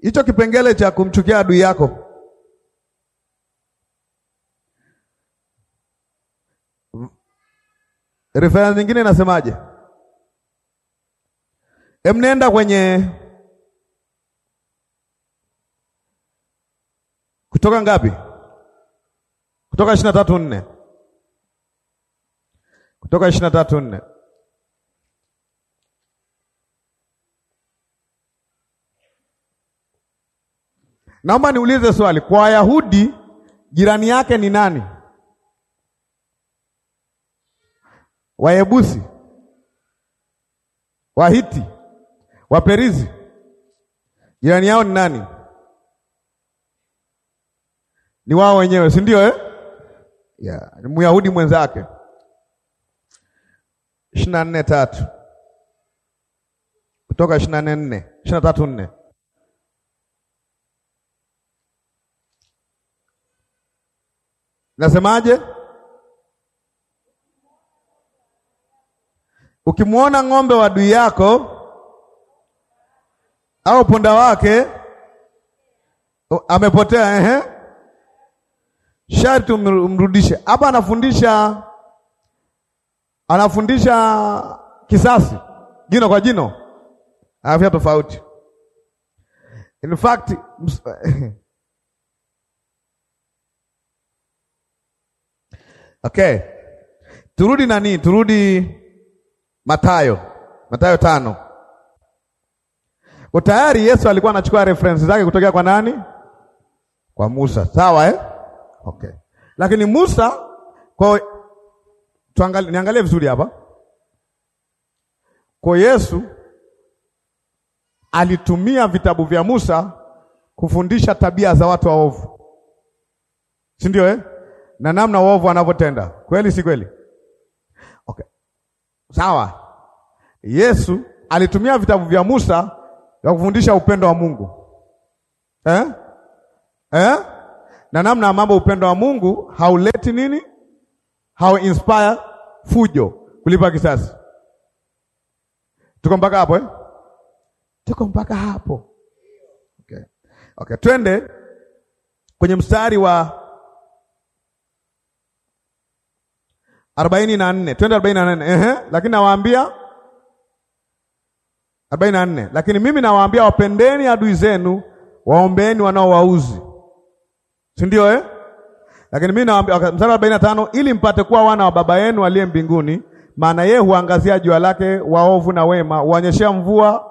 Hicho kipengele cha kumchukia adui yako reference nyingine inasemaje? Emnenda kwenye Kutoka ngapi? Kutoka ishirini na tatu nne Kutoka ishirini na tatu nne Naomba niulize swali, kwa Wayahudi jirani yake ni nani? Wayebusi, Wahiti, Waperizi, jirani yao ni nani? ni wao wenyewe, si ndio eh? Yeah, ni Myahudi mwenzake. ishirini na nne tatu Kutoka ishirini na nne nne ishirini na tatu nne nasemaje? Ukimwona ng'ombe wa adui yako au punda wake amepotea, ehe sharti umrudishe. Hapa anafundisha anafundisha kisasi jino kwa jino, afya tofauti. In fact [laughs] okay, turudi nani, turudi matayo matayo tano. Kwa tayari Yesu alikuwa anachukua reference zake kutokea kwa nani? Kwa Musa, sawa eh? Okay. Lakini Musa kwa tuangalie, niangalie vizuri hapa. Kwa Yesu alitumia vitabu vya Musa kufundisha tabia za watu waovu, si ndio eh? Na namna waovu wanavyotenda, kweli si kweli? Okay. Sawa. Yesu alitumia vitabu vya Musa vya kufundisha upendo wa Mungu eh? Eh? na namna mambo, upendo wa Mungu hauleti nini, hau inspire fujo, kulipa kisasi. Tuko mpaka hapo eh? Tuko mpaka hapo okay. Okay, twende kwenye mstari wa arobaini na nne twende arobaini na nne ehe, lakini nawaambia arobaini na nne lakini mimi nawaambia, wapendeni adui zenu, waombeeni wanaowauzi si ndio eh? Lakini mimi naambia mstari wa ili mpate kuwa wana wa baba yenu aliye mbinguni, maana yeye huangazia jua lake waovu na wema, huonyeshea mvua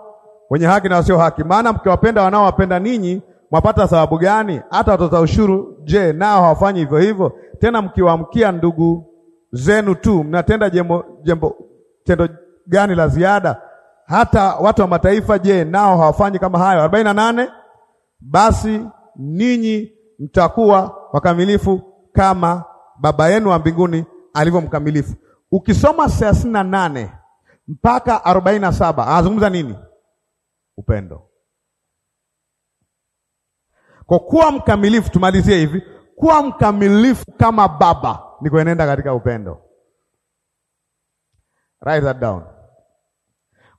wenye haki na wasio haki. Maana mkiwapenda wanaowapenda ninyi mwapata sababu gani? Hata watoza ushuru, je, nao hawafanyi hivyo hivyo? Tena mkiwaamkia ndugu zenu tu mnatenda jembo, jembo, tendo gani la ziada? Hata watu wa mataifa, je, nao hawafanyi kama hayo? 48 Basi ninyi mtakuwa wakamilifu kama Baba yenu wa mbinguni alivyo mkamilifu. Ukisoma thelathini na nane mpaka arobaini na saba anazungumza nini? Upendo. Kwa kuwa mkamilifu, tumalizie hivi, kuwa mkamilifu kama Baba ni kuenenda katika upendo. Write that down.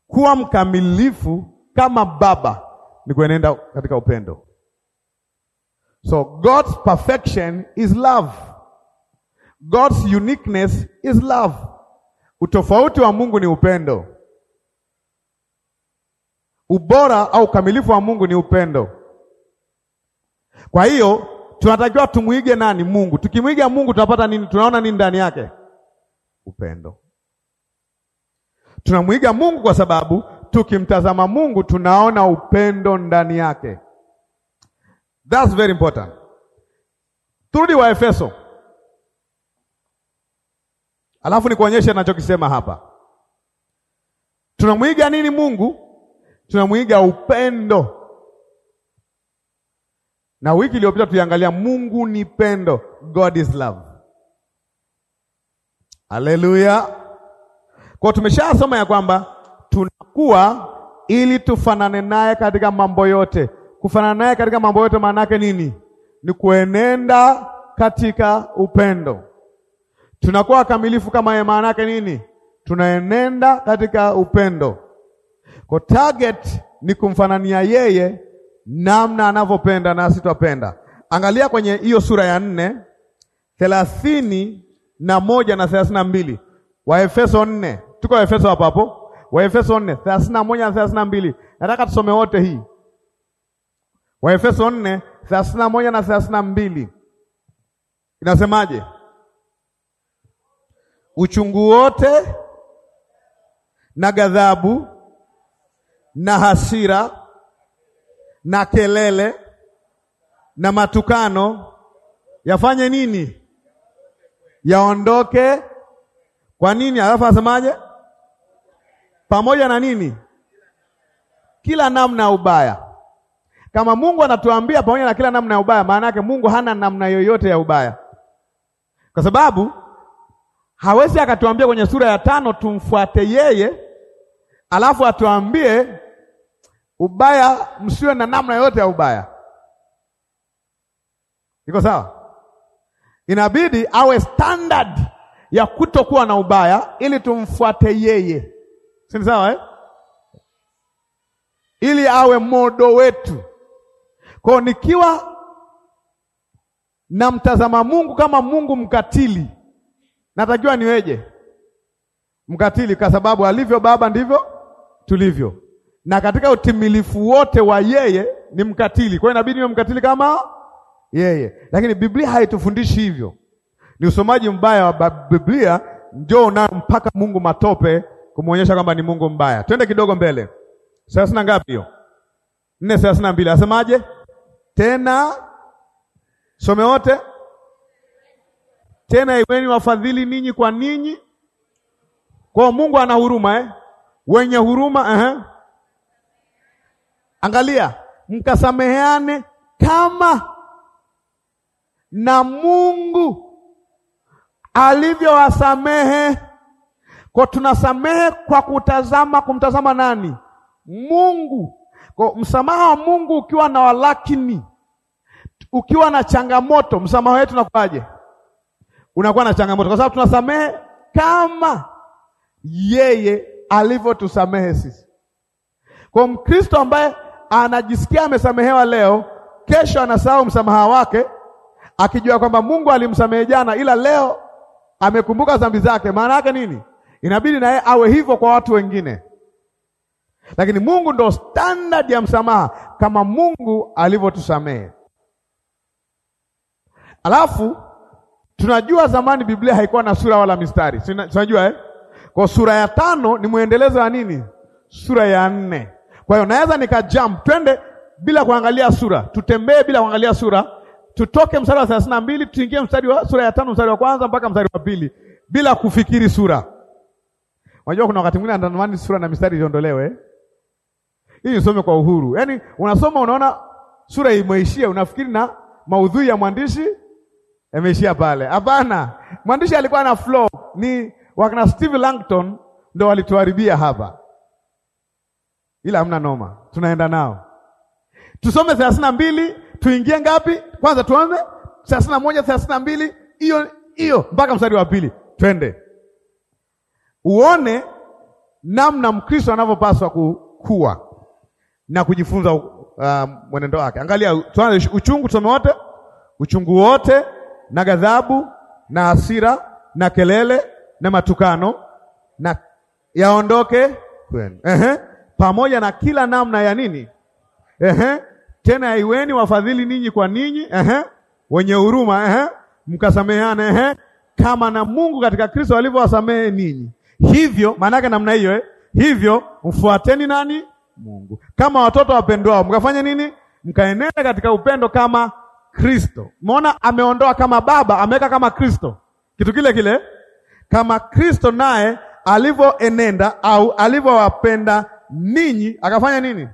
Kuwa mkamilifu kama Baba ni kuenenda katika upendo. So God's perfection is love. God's uniqueness is love. Utofauti wa Mungu ni upendo. Ubora au ukamilifu wa Mungu ni upendo. Kwa hiyo tunatakiwa tumuige nani? Mungu. Tukimwiga Mungu tunapata nini? Tunaona nini ndani yake? Upendo. Tunamwiga Mungu kwa sababu tukimtazama Mungu tunaona upendo ndani yake. That's very important. Turudi wa Efeso, alafu nikuonyeshe ninachokisema hapa. Tunamwiga nini Mungu? Tunamwiga upendo. Na wiki iliyopita tuliangalia Mungu ni pendo, God is love. Haleluya! Kwa tumeshasoma ya kwamba tunakuwa ili tufanane naye katika mambo yote kufanana naye katika mambo yote, maana yake nini? Ni kuenenda katika upendo. Tunakuwa wakamilifu kama yeye, maana yake nini? Tunaenenda katika upendo. Kwa target ni kumfanania yeye namna anavyopenda na asitopenda. Angalia kwenye hiyo sura ya nne thelathini na moja na thelathini na mbili Waefeso nne tuko Waefeso hapo hapo, Waefeso nne thelathini na moja na thelathini na mbili nataka tusome wote hii Waefeso nne thelathini na moja na thelathini na mbili inasemaje? Uchungu wote na ghadhabu na hasira na kelele na matukano yafanye nini? Yaondoke. Kwa nini? Alafu asemaje? Pamoja na nini? Kila namna ya ubaya kama Mungu anatuambia pamoja na kila namna ya ubaya, maana yake Mungu hana namna yoyote ya ubaya, kwa sababu hawezi akatuambia kwenye sura ya tano tumfuate yeye alafu atuambie ubaya, msiwe na namna yoyote ya ubaya. Iko sawa? Inabidi awe standard ya kutokuwa na ubaya ili tumfuate yeye, si sawa eh? ili awe modo wetu. Kwa nikiwa namtazama Mungu kama Mungu mkatili, natakiwa niweje? Mkatili, kwa sababu alivyo Baba ndivyo tulivyo, na katika utimilifu wote wa yeye ni mkatili. Kwa hiyo inabidi niwe mkatili kama yeye, lakini Biblia haitufundishi hivyo. Ni usomaji mbaya wa Biblia ndio unampaka Mungu matope kumwonyesha kwamba ni Mungu mbaya. Twende kidogo mbele, thelathini na ngapi hiyo? nne thelathini na mbili asemaje? tena some wote tena, iweni wafadhili ninyi kwa ninyi. Kwa Mungu ana huruma eh? wenye huruma uh -huh. Angalia, mkasameheane kama na Mungu alivyowasamehe. Kwa tunasamehe kwa kutazama, kumtazama nani? Mungu kwa msamaha wa Mungu ukiwa na walakini, ukiwa na changamoto, msamaha wetu unakuwaje? Unakuwa na changamoto, kwa sababu tunasamehe kama yeye alivyotusamehe sisi. Kwa Mkristo ambaye anajisikia amesamehewa leo, kesho anasahau msamaha wake, akijua kwamba Mungu alimsamehe jana, ila leo amekumbuka dhambi zake. Maana yake nini? Inabidi na yeye awe hivyo kwa watu wengine. Lakini Mungu ndo standard ya msamaha, kama Mungu alivyotusamehe. Alafu tunajua zamani Biblia haikuwa na sura wala mistari, tunajua eh? Kwa sura ya tano ni mwendelezo wa nini? Sura ya nne. Kwa hiyo naweza nika jump, twende bila kuangalia sura, tutembee bila kuangalia sura, tutoke mstari wa thelathini na mbili tuingie mstari wa sura ya tano mstari wa kwanza mpaka mstari wa pili bila kufikiri sura. Unajua kuna wakati mwingine anatamani sura na mistari iondolewe eh? ili nisome kwa uhuru. Yaani unasoma unaona sura imeishia, unafikiri na maudhui ya mwandishi yameishia pale. Hapana, mwandishi alikuwa na flow. Ni wakina Steve Langton ndo walituharibia hapa, ila hamna noma, tunaenda nao. Tusome thelathini na mbili tuingie ngapi? Kwanza tuanze thelathini na moja thelathini na mbili hiyo hiyo mpaka mstari wa pili twende uone namna Mkristo anavyopaswa kukua na kujifunza uh, mwenendo wake. Angalia uchungu, tusome wote, uchungu wote na ghadhabu na hasira na kelele na matukano na yaondoke kwenu, ehe, pamoja na kila namna ya nini, ehe, tena iweni wafadhili ninyi kwa ninyi, ehe, wenye huruma, ehe, mkasameheane, ehe, kama na Mungu katika Kristo alivyowasamehe ninyi. Hivyo maana yake namna hiyo eh, hivyo mfuateni nani? Mungu. Kama watoto wapendwao, mkafanya nini? Mkaenenda katika upendo kama Kristo. Umeona, ameondoa kama baba, ameweka kama Kristo, kitu kile kile kama Kristo naye alivyoenenda au alivyowapenda ninyi, akafanya nini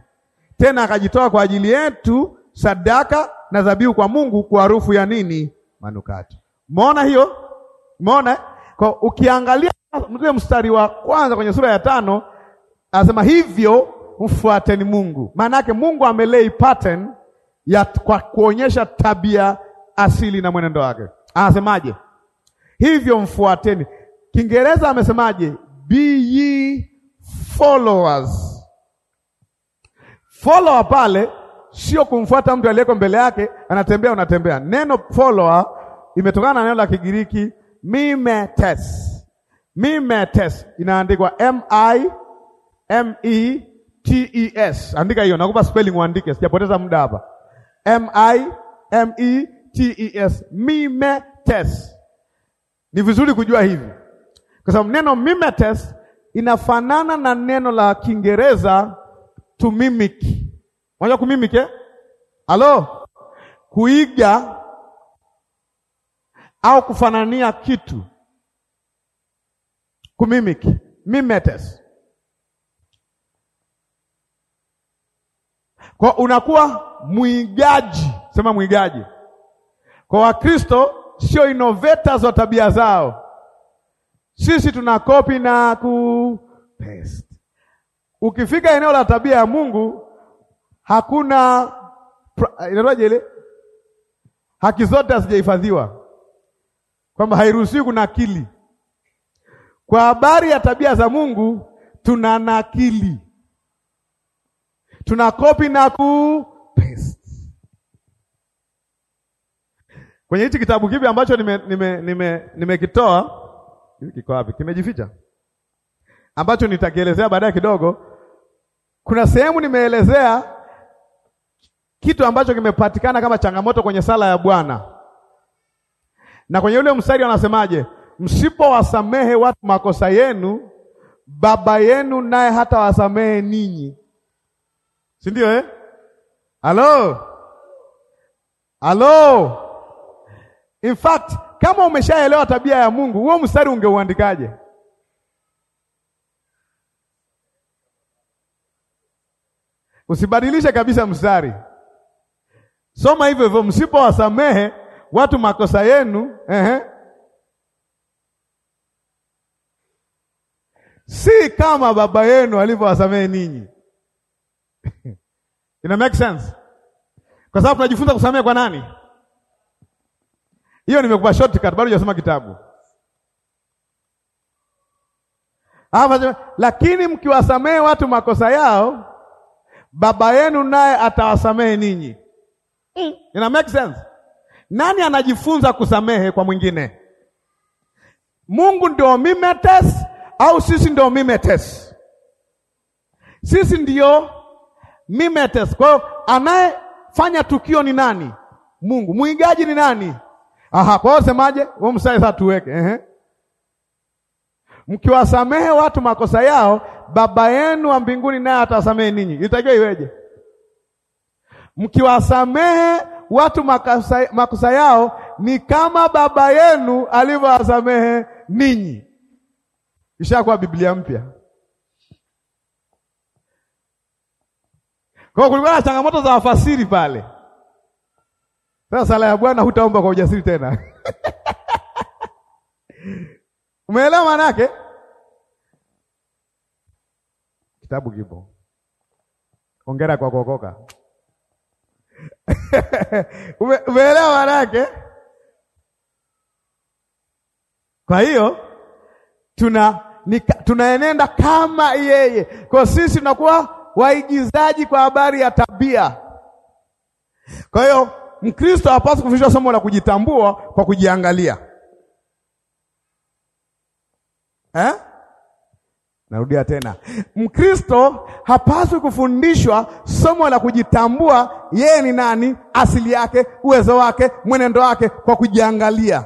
tena? Akajitoa kwa ajili yetu sadaka na dhabihu kwa Mungu kwa harufu ya nini? Manukato. Umeona hiyo? Umeona kwa ukiangalia mstari wa kwanza kwenye sura ya tano anasema hivyo mfuateni Mungu. Maana yake Mungu amelei pattern ya kwa kuonyesha tabia asili na mwenendo wake. Anasemaje? Hivyo mfuateni. Kiingereza amesemaje? Be ye followers. Follower pale sio kumfuata mtu aliyeko mbele yake, anatembea unatembea. Neno follower imetokana na neno la Kigiriki mimetes. Mimetes inaandikwa M I M E T E S. Andika hiyo, nakupa spelling uandike, sijapoteza muda hapa. M I M E T E S. Mimetes. Ni vizuri kujua hivi. Kwa sababu neno mimetes inafanana na neno la Kiingereza to mimic. Unajua kumimike? Eh? Halo? Kuiga au kufanania kitu. Kumimik. Mimetes. Kwa unakuwa mwigaji, sema mwigaji. Kwa Wakristo sio innovators wa tabia zao. Sisi tuna copy na ku paste. Ukifika eneo la tabia ya Mungu hakuna inaitwaje ile haki zote hazijahifadhiwa, kwamba hairuhusiwi kunakili. Kwa habari ya tabia za Mungu tuna nakili tuna kopi na ku paste kwenye hichi kitabu kipi ambacho nimekitoa nime, nime, nime kiko wapi? Kimejificha, ambacho nitakielezea baadaye kidogo. Kuna sehemu nimeelezea kitu ambacho kimepatikana kama changamoto kwenye sala ya Bwana, na kwenye ule mstari wanasemaje? Msipowasamehe watu makosa yenu, Baba yenu naye hata wasamehe ninyi si ndio eh? Halo, halo. In fact kama umeshaelewa tabia ya Mungu, huo mstari ungeuandikaje? Usibadilishe kabisa mstari, soma hivyo hivyo, msipowasamehe watu makosa yenu, ehe, si kama Baba yenu alivyowasamehe ninyi. [laughs] Ina make sense? Kwa sababu tunajifunza kusamehe kwa nani? Hiyo nimekupa shortcut, bado hujasoma kitabu. Hapa, lakini mkiwasamehe watu makosa yao, baba yenu naye atawasamehe ninyi. Mm. Ina make sense? Nani anajifunza kusamehe kwa mwingine? Mungu ndio mimetes au sisi ndio mimetes? Sisi ndio mimetes. Kwa hiyo anayefanya tukio ni nani? Mungu. Mwigaji ni nani? Aha, kwa hiyo semaje? Wewe msai sasa tuweke. Ehe. Mkiwasamehe watu makosa yao, baba yenu wa mbinguni naye atawasamehe ninyi. Itakiwa iweje? Mkiwasamehe watu makosa, makosa yao ni kama baba yenu alivyowasamehe ninyi. Ishakuwa Biblia mpya. Kwa kulikuwa na changamoto za wafasiri pale. Sasa sala ya Bwana hutaomba kwa ujasiri tena. [laughs] Umeelewa maana yake? Kitabu kipo. ongera kwa kuokoka. [laughs] Umeelewa maana yake? Kwa hiyo tuna tunaenenda kama yeye. Kwa sisi tunakuwa waigizaji kwa habari ya tabia. Kwa hiyo Mkristo hapaswi kufundishwa somo la kujitambua kwa kujiangalia eh? Narudia tena, Mkristo hapaswi kufundishwa somo la kujitambua yeye ni nani, asili yake, uwezo wake, mwenendo wake kwa kujiangalia.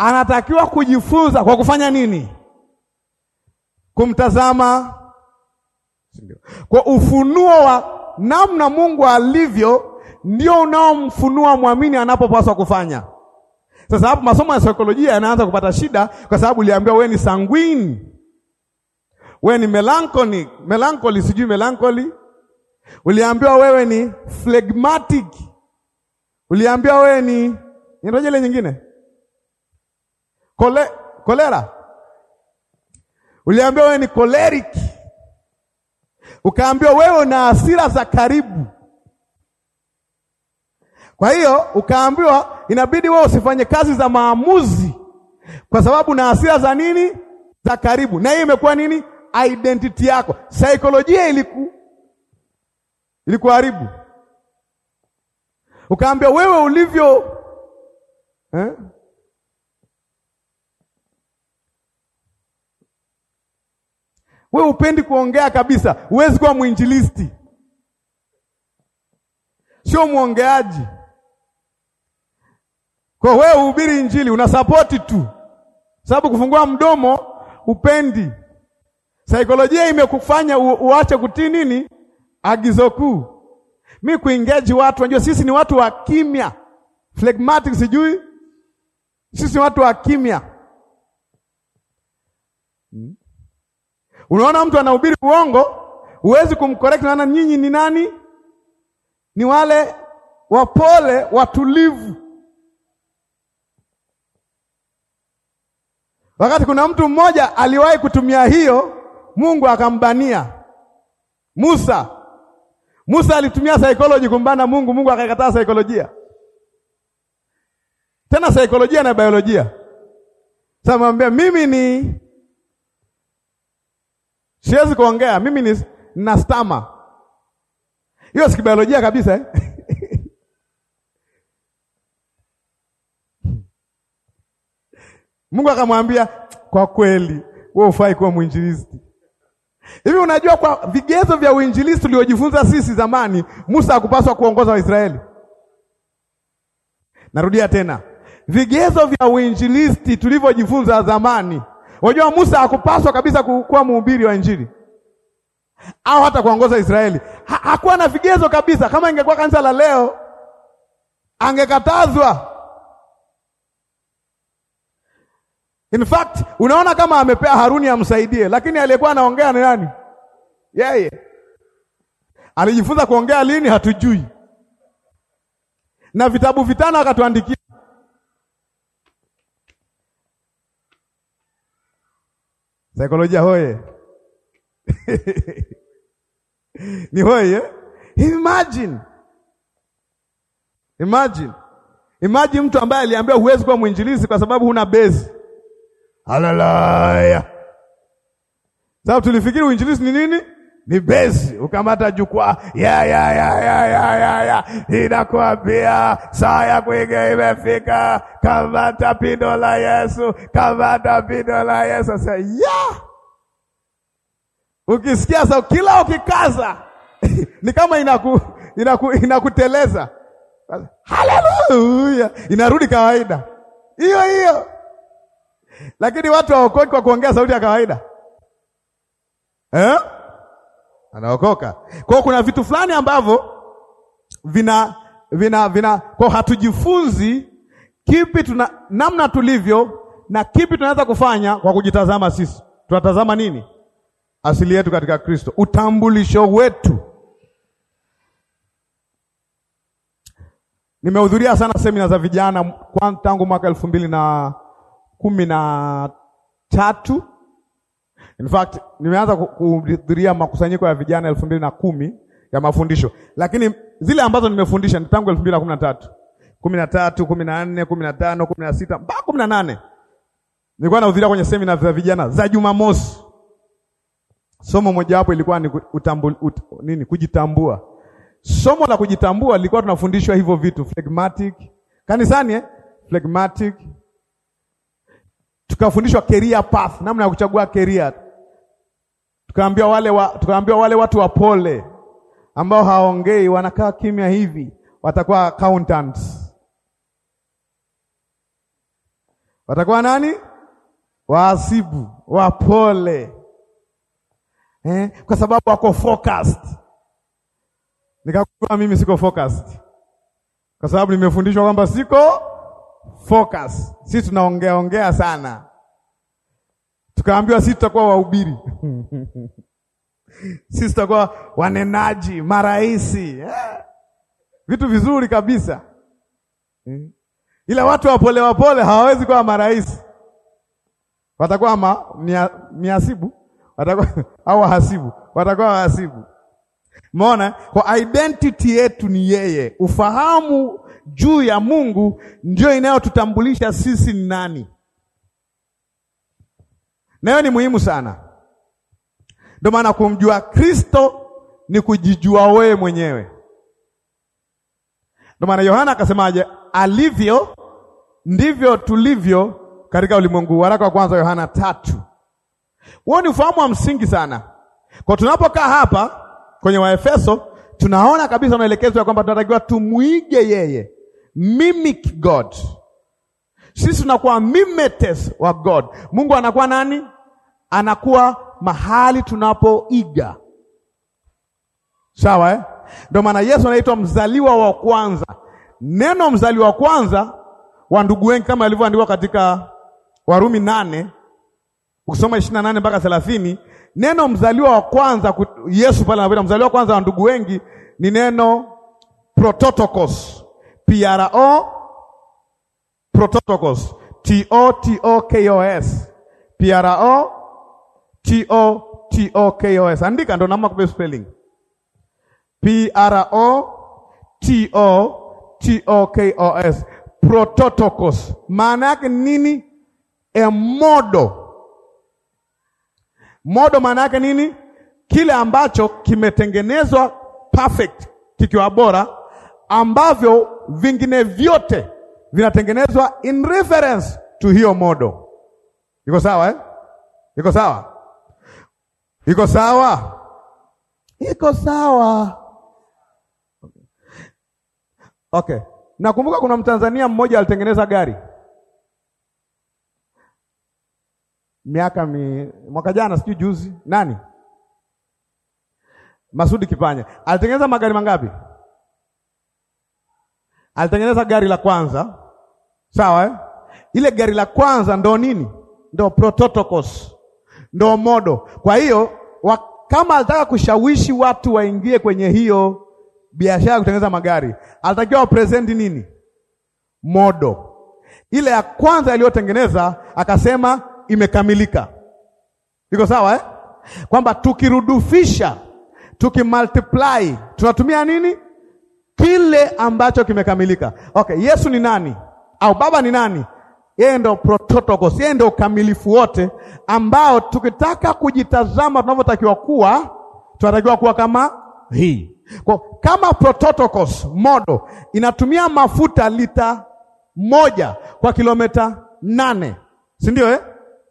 anatakiwa kujifunza kwa kufanya nini? Kumtazama kwa ufunuo wa namna Mungu alivyo, ndio unaomfunua mwamini anapopaswa kufanya. Sasa hapo masomo ya saikolojia yanaanza kupata shida, kwa sababu uliambiwa wewe ni sanguini, wewe ni melancholic, melancholy, sijui melancholy. Uliambiwa wewe ni phlegmatic, uliambiwa wewe ni nyendoje nyingine Kole, kolera uliambiwa wewe ni choleric, ukaambiwa wewe una hasira za karibu. Kwa hiyo ukaambiwa inabidi wewe usifanye kazi za maamuzi kwa sababu na hasira za nini? Za karibu. Na hiyo imekuwa nini? Identity yako, saikolojia iliku ilikuharibu, ukaambiwa wewe ulivyo eh? Wewe upendi kuongea kabisa, huwezi kuwa mwinjilisti, sio mwongeaji. Kwa wewe uhubiri Injili, una support tu, sababu kufungua mdomo upendi. Saikolojia imekufanya uache kutii nini agizo kuu. Mi kuingeji watu, unajua sisi ni watu wa kimya, phlegmatic, sijui sisi ni watu wa kimya Unaona mtu anahubiri uongo, huwezi kumcorrect, maana nyinyi ni nani? Ni wale wapole watulivu. Wakati kuna mtu mmoja aliwahi kutumia hiyo, Mungu akambania. Musa, Musa alitumia psychology kumbana Mungu, Mungu akakataa saikolojia, tena saikolojia na biolojia. Sasa mimi ni Siwezi kuongea mimi ni na stama. Hiyo si kibiolojia kabisa eh? [laughs] Mungu akamwambia kwa kweli wewe ufai kuwa mwinjilisti. Hivi unajua kwa vigezo vya uinjilisti uliojifunza sisi zamani, Musa hakupaswa kuongoza Waisraeli? Narudia tena, vigezo vya uinjilisti tulivyojifunza zamani, Unajua Musa hakupaswa kabisa kuwa mhubiri wa Injili au hata kuongoza Israeli. Ha, hakuwa na vigezo kabisa. Kama ingekuwa kanisa la leo angekatazwa. In fact, unaona kama amepea Haruni amsaidie, lakini aliyekuwa anaongea ni nani? Yeye. Alijifunza kuongea lini hatujui, na vitabu vitano akatuandikia. Saikolojia hoye ni hoye. Imagine, imagine, imagine mtu ambaye aliambiwa huwezi kuwa mwinjilizi kwa sababu huna base. Haleluya! Sababu tulifikiri uinjilizi ni nini? ni besi, ukamata jukwaa ya ya ya ya ya ya ya, inakwambia saa ya kuingia imefika, kamata pindo la Yesu, kamata pindo la Yesu. Sasa ya ukisikia sa kila ukikaza [laughs] ni kama inaku, inaku, inakuteleza. Haleluya, inarudi kawaida hiyo hiyo, lakini watu waokoki kwa kuongea sauti ya kawaida eh? anaokoka. Kwa hiyo kuna vitu fulani ambavyo vina vina vina kwa hatujifunzi kipi tuna namna tulivyo na kipi tunaweza kufanya kwa kujitazama sisi. Tunatazama nini? Asili yetu katika Kristo, utambulisho wetu. Nimehudhuria sana semina za vijana tangu mwaka elfu mbili na kumi na tatu In fact, nimeanza kuhudhuria makusanyiko ya vijana elfu mbili na kumi ya mafundisho, lakini zile ambazo nimefundisha ni tangu elfu mbili na kumi na tatu kumi na tatu kumi na nne kumi na tano kumi na sita mpaka kumi na nane nilikuwa nahudhuria kwenye semina za vijana za Jumamosi. Somo mojawapo ilikuwa ni utambu, ut, nini kujitambua. Somo la kujitambua lilikuwa tunafundishwa hivyo vitu phlegmatic kanisani eh? Phlegmatic tukafundishwa career path, namna ya kuchagua career Tukaambiwa wale, wa, tukaambiwa wale watu wapole ambao haongei wanakaa kimya hivi watakuwa accountants. Watakuwa nani? Waasibu wapole eh? Kwa sababu wako focused. Nikakuwa mimi siko focused kwa sababu nimefundishwa kwamba siko focus. Sisi tunaongea ongea sana tukaambiwa sisi tutakuwa wahubiri [laughs] sisi tutakuwa wanenaji, maraisi, eh, Vitu vizuri kabisa eh, Ila watu wapole wapole hawawezi kuwa maraisi, watakuwa ma, miasibu watakuwa [laughs] au wahasibu, watakuwa wahasibu. Mona, kwa identity yetu ni yeye. Ufahamu juu ya Mungu ndio inayotutambulisha sisi ni nani. Nayo ni muhimu sana. Ndio maana kumjua Kristo ni kujijua wewe mwenyewe. Ndio maana Yohana akasemaje, alivyo ndivyo tulivyo katika ulimwengu, waraka wa kwanza Yohana tatu. Huo ni ufahamu wa msingi sana, kwa tunapokaa hapa kwenye Waefeso tunaona kabisa maelekezo ya kwamba tunatakiwa tumwige yeye, mimic God. Sisi tunakuwa mimetes wa God. Mungu anakuwa nani? Anakuwa mahali tunapoiga. Sawa eh? Ndio maana Yesu anaitwa mzaliwa wa kwanza. Neno mzaliwa wa kwanza wa ndugu wengi, kama alivyoandikwa katika Warumi nane ukisoma ishirini na nane mpaka thelathini neno mzaliwa wa kwanza Yesu pale anapoita mzaliwa wa kwanza wa ndugu wengi ni neno prototokos, P R O protocols T O T O K O S P R O T O T O K O S. Andika ndo naomba kupe spelling P R O T O T O K O S, prototokos. Maana yake nini? A e modo modo, maana yake nini? Kile ambacho kimetengenezwa perfect, kikiwa bora, ambavyo vingine vyote vinatengenezwa in reference to hiyo modo. Iko sawa eh? Iko sawa, iko sawa, iko sawa. Okay, nakumbuka kuna Mtanzania mmoja alitengeneza gari miaka mi mwaka jana, sijui juzi, nani Masudi Kipanya alitengeneza magari mangapi? Alitengeneza gari la kwanza Sawa eh? Ile gari la kwanza ndo nini? Ndo protocols, ndo modo. Kwa hiyo kama alitaka kushawishi watu waingie kwenye hiyo biashara ya kutengeneza magari, alitakiwa wapresenti nini? Modo. Ile ya kwanza aliyotengeneza, akasema imekamilika. Iko sawa eh? Kwamba tukirudufisha, tukimultiply, tunatumia nini? Kile ambacho kimekamilika. Okay, Yesu ni nani? au baba ni nani? Yeye ndo prototokos, yeye ndo ukamilifu wote ambao tukitaka kujitazama tunavyotakiwa kuwa, tunatakiwa kuwa kama hii. Kwa kama prototokos modo inatumia mafuta lita moja kwa kilomita nane, si ndio eh?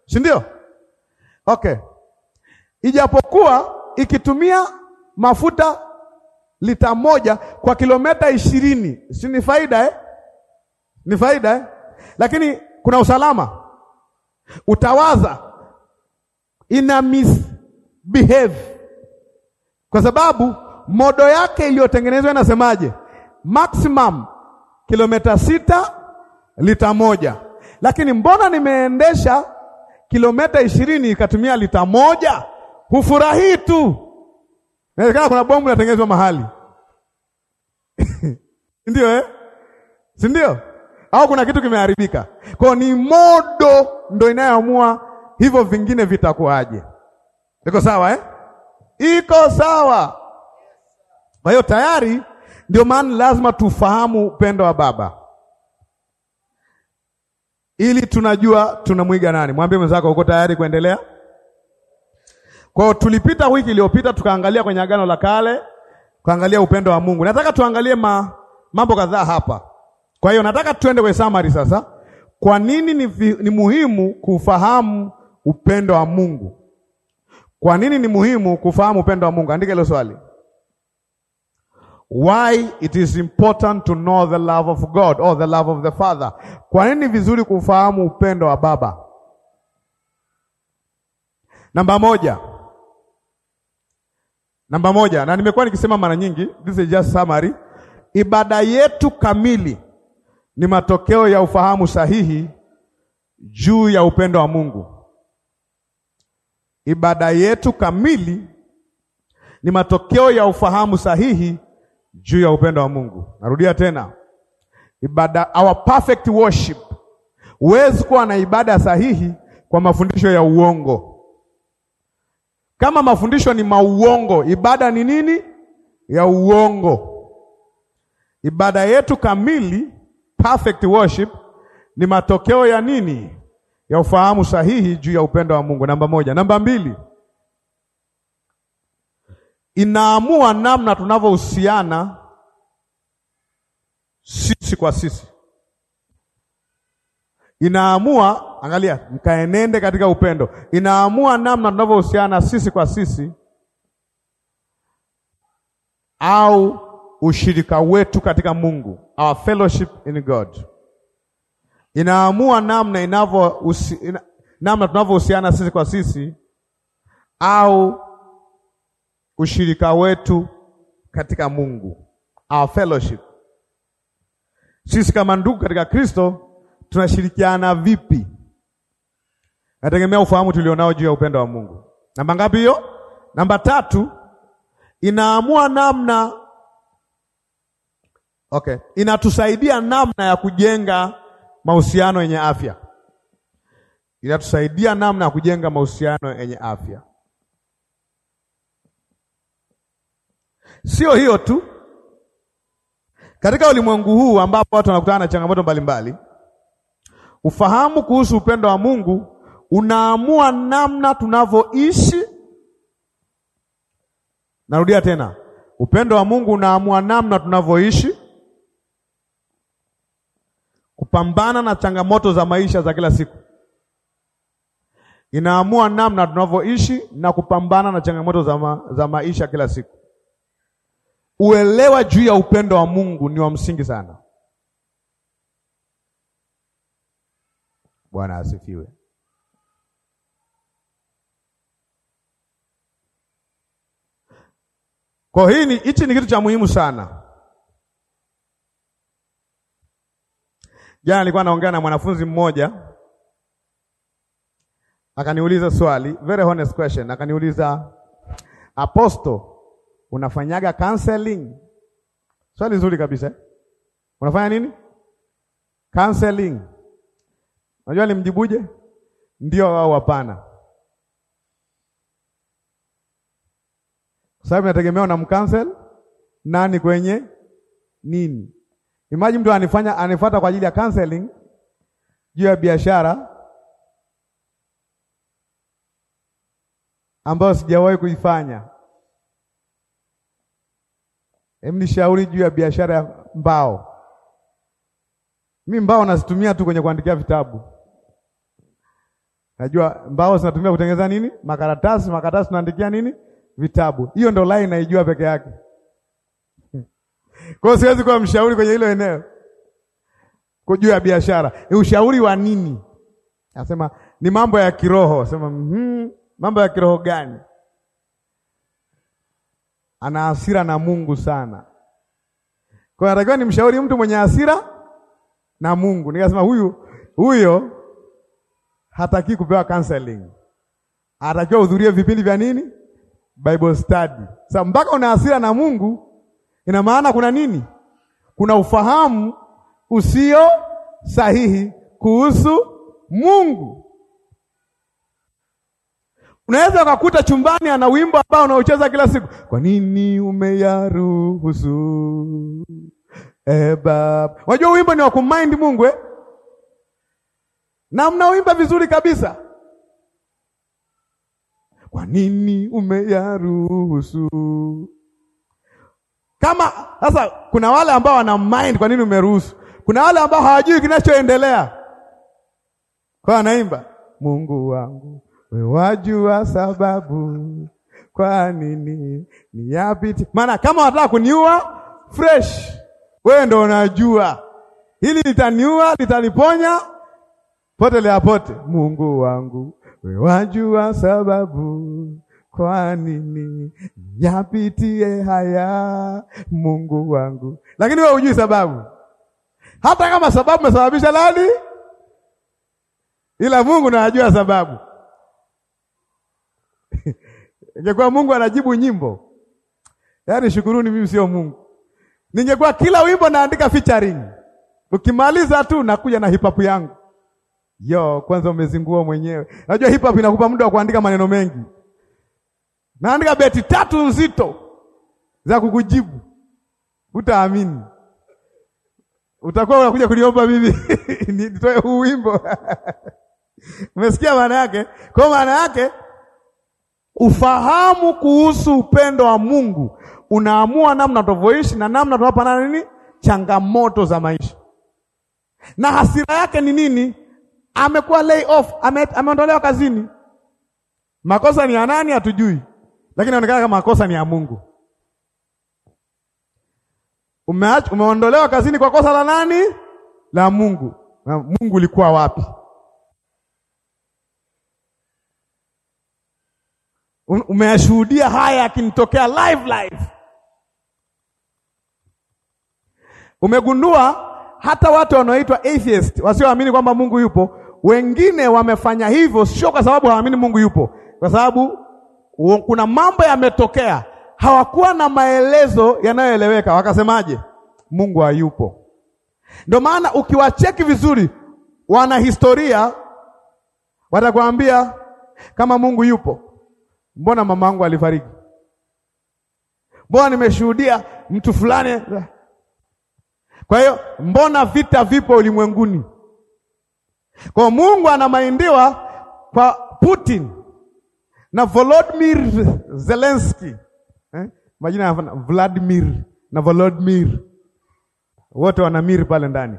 si ndio? Okay, ijapokuwa ikitumia mafuta lita moja kwa kilomita ishirini, si ni faida eh? ni faida eh? Lakini kuna usalama. Utawaza ina misbehave kwa sababu modo yake iliyotengenezwa inasemaje? Maximum kilomita sita lita moja, lakini mbona nimeendesha kilomita ishirini ikatumia lita moja? Hufurahii tu. Inawezekana kuna bomu linatengenezwa mahali, [laughs] ndio eh? si ndio? au kuna kitu kimeharibika. Kwa ni modo ndo inayoamua hivyo vingine vitakuwaje. Iko sawa eh? Iko sawa. Kwa hiyo tayari, ndio maana lazima tufahamu upendo wa Baba ili tunajua tunamwiga nani. Mwambie mwenzako, uko tayari kuendelea? Kwa hiyo tulipita wiki iliyopita tukaangalia kwenye Agano la Kale, tukaangalia upendo wa Mungu. Nataka tuangalie ma, mambo kadhaa hapa kwa hiyo nataka tuende kwenye summary sasa. Kwa nini ni, ni muhimu kufahamu upendo wa Mungu? Kwa nini ni muhimu kufahamu upendo wa Mungu? Andika hilo swali. Why it is important to know the love of God or the love of the Father. Kwa nini vizuri kufahamu upendo wa Baba? Namba moja. Namba moja, na nimekuwa nikisema mara nyingi, this is just summary. Ibada yetu kamili ni matokeo ya ufahamu sahihi juu ya upendo wa Mungu. Ibada yetu kamili ni matokeo ya ufahamu sahihi juu ya upendo wa Mungu. Narudia tena, ibada, our perfect worship. Huwezi kuwa na ibada sahihi kwa mafundisho ya uongo. Kama mafundisho ni mauongo, ibada ni nini? Ya uongo. Ibada yetu kamili perfect worship ni matokeo ya nini? Ya ufahamu sahihi juu ya upendo wa Mungu, namba moja. Namba mbili, inaamua namna tunavyohusiana sisi kwa sisi. Inaamua, angalia, mkaenende katika upendo. Inaamua namna tunavyohusiana sisi kwa sisi au ushirika wetu katika Mungu, our fellowship in God, inaamua namna inavyo ina, namna tunavyohusiana sisi kwa sisi au ushirika wetu katika Mungu, our fellowship. Sisi kama ndugu katika Kristo tunashirikiana vipi? Nategemea ufahamu tulionao juu ya upendo wa Mungu. Namba ngapi hiyo? Namba tatu, inaamua namna Okay, inatusaidia namna ya kujenga mahusiano yenye afya. Inatusaidia namna ya kujenga mahusiano yenye afya. Sio hiyo tu, katika ulimwengu huu ambapo watu wanakutana na changamoto mbalimbali, ufahamu kuhusu upendo wa Mungu unaamua namna tunavyoishi. Narudia tena, upendo wa Mungu unaamua namna tunavyoishi kupambana na changamoto za maisha za kila siku. Inaamua namna tunavyoishi na kupambana na changamoto za, ma, za maisha kila siku. Uelewa juu ya upendo wa Mungu ni wa msingi sana. Bwana asifiwe. Kwa hii hichi ni kitu cha muhimu sana. Jana nilikuwa anaongea na mwanafunzi mmoja akaniuliza swali, very honest question, akaniuliza Aposto, unafanyaga counseling? Swali zuri kabisa. Unafanya nini? Counseling. Unajua nimjibuje? Ndio au hapana? Kwa sababu inategemea na mkansel nani kwenye nini. Imagine mtu anifanya anifuata kwa ajili ya counseling juu ya biashara ambayo sijawahi kuifanya. shauri juu ya biashara ya mbao. Mi mbao nazitumia tu kwenye kuandikia vitabu. Najua mbao zinatumia kutengeneza nini? Makaratasi, makaratasi tunaandikia nini? Vitabu. Hiyo ndo line naijua peke yake. Kwa hiyo siwezi kuwa mshauri kwenye hilo eneo juu ya biashara. Ni ushauri wa nini? Anasema ni mambo ya kiroho. Sema mm, mm-hmm. mambo ya kiroho gani? Ana hasira na Mungu sana, kwa hiyo anatakiwa nimshauri mtu mwenye hasira na Mungu. Nikasema huyu huyo hataki kupewa counseling, anatakiwa uhudhurie vipindi vya nini? Bible study. Sasa mpaka una hasira na Mungu Ina maana kuna nini? Kuna ufahamu usio sahihi kuhusu Mungu. Unaweza ukakuta chumbani ana wimbo ambao unaocheza kila siku. Kwa nini umeyaruhusu? Eh, baba. Unajua wimbo ni wa kumind Mungu eh? Na mnaoimba vizuri kabisa. Kwa nini umeyaruhusu? Kama sasa kuna wale ambao wana mind, kwa nini umeruhusu? Kuna wale ambao hawajui kinachoendelea, kwa anaimba Mungu wangu we wajua sababu kwa nini niyapiti. Maana kama wataka kuniua fresh, wewe ndo unajua hili litaniua, litaniponya pote leapote. Mungu wangu we wajua sababu kwa nini yapitie haya Mungu wangu? Lakini wewe hujui sababu, hata kama sababu imesababisha lani, ila Mungu najua sababu. [laughs] Ingekuwa Mungu anajibu nyimbo, yaani shukuruni, mimi sio Mungu. Ningekuwa kila wimbo naandika featuring, ukimaliza tu nakuja na hip hop yangu. Yo, kwanza umezingua mwenyewe. Najua hip hop inakupa muda wa kuandika maneno mengi. Naandika beti tatu nzito za kukujibu, utaamini. Utakuwa unakuja kuniomba mimi [laughs] nitoe huu wimbo [laughs] umesikia maana yake? Kwa maana yake ufahamu kuhusu upendo wa Mungu unaamua namna tunavyoishi na namna tunapana nini changamoto za maisha. Na hasira yake ni nini? Amekuwa lay off, ameondolewa kazini. Makosa ni ya nani? Hatujui lakini inaonekana kama kosa ni ya Mungu. Umeach, umeondolewa kazini kwa kosa la nani? La Mungu. Na Mungu ulikuwa wapi? Umeyashuhudia haya akinitokea live live. Umegundua hata watu wanaoitwa atheist wasioamini kwamba Mungu yupo, wengine wamefanya hivyo sio kwa sababu hawaamini Mungu yupo, kwa sababu kuna mambo yametokea, hawakuwa na maelezo yanayoeleweka, wakasemaje? Mungu hayupo. Ndio maana ukiwacheki vizuri wana historia watakwambia, kama Mungu yupo, mbona mama wangu alifariki? Mbona nimeshuhudia mtu fulani? Kwa hiyo mbona vita vipo ulimwenguni? Kwa Mungu maindiwa kwa Putin na Volodymyr Zelensky eh? Majina ya Vladimir na Volodymyr wote wana miri pale ndani.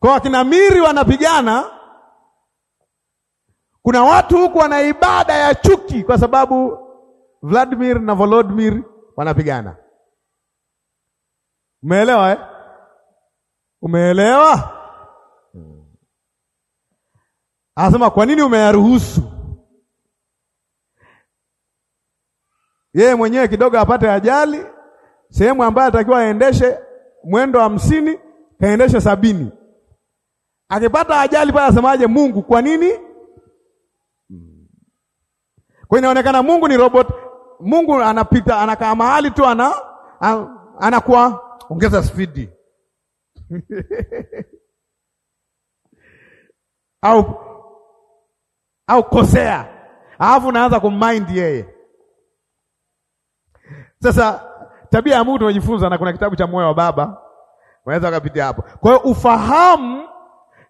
Kwa wakina miri wanapigana. Kuna watu huku wana ibada ya chuki kwa sababu Vladimir na Volodymyr wanapigana. Umeelewa eh? Umeelewa? Anasema kwa nini umeyaruhusu? yeye mwenyewe kidogo apate ajali, sehemu ambayo atakiwa aendeshe mwendo hamsini kaendeshe sabini. Akipata ajali pale asemaje Mungu? Kwa nini? Kwa inaonekana Mungu ni robot. Mungu anapita anakaa mahali tu ana anakuwa ongeza spidi [laughs] au au kosea, alafu naanza kummind yeye sasa tabia ya Mungu tumejifunza, na kuna kitabu cha Moyo wa Baba, unaweza ukapitia hapo. Kwa hiyo ufahamu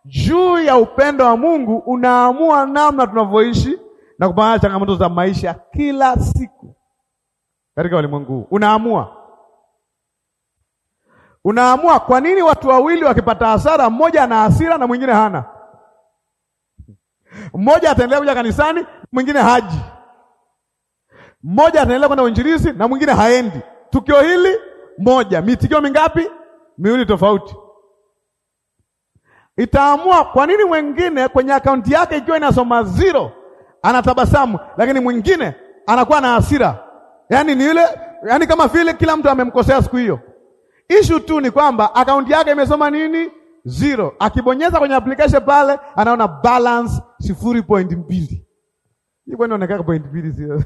juu ya upendo wa Mungu unaamua namna tunavyoishi na kupambana changamoto za maisha kila siku katika ulimwengu huu. Unaamua, unaamua. Kwa nini watu wawili wakipata hasara, mmoja ana hasira na mwingine hana? Mmoja ataendelea kuja kanisani, mwingine haji. Mmoja anaendelea kwenda uinjilizi na mwingine haendi. Tukio hili moja, mitikio mingapi? Miwili tofauti. Itaamua kwa nini mwingine kwenye akaunti yake ikiwa inasoma zero anatabasamu, lakini mwingine anakuwa na hasira. Yaani ni yule, yaani kama vile kila mtu amemkosea siku hiyo. Issue tu ni kwamba akaunti yake imesoma nini? Zero. Akibonyeza kwenye application pale anaona balance sifuri point mbili. Hiyo inaonekana point mbili sio?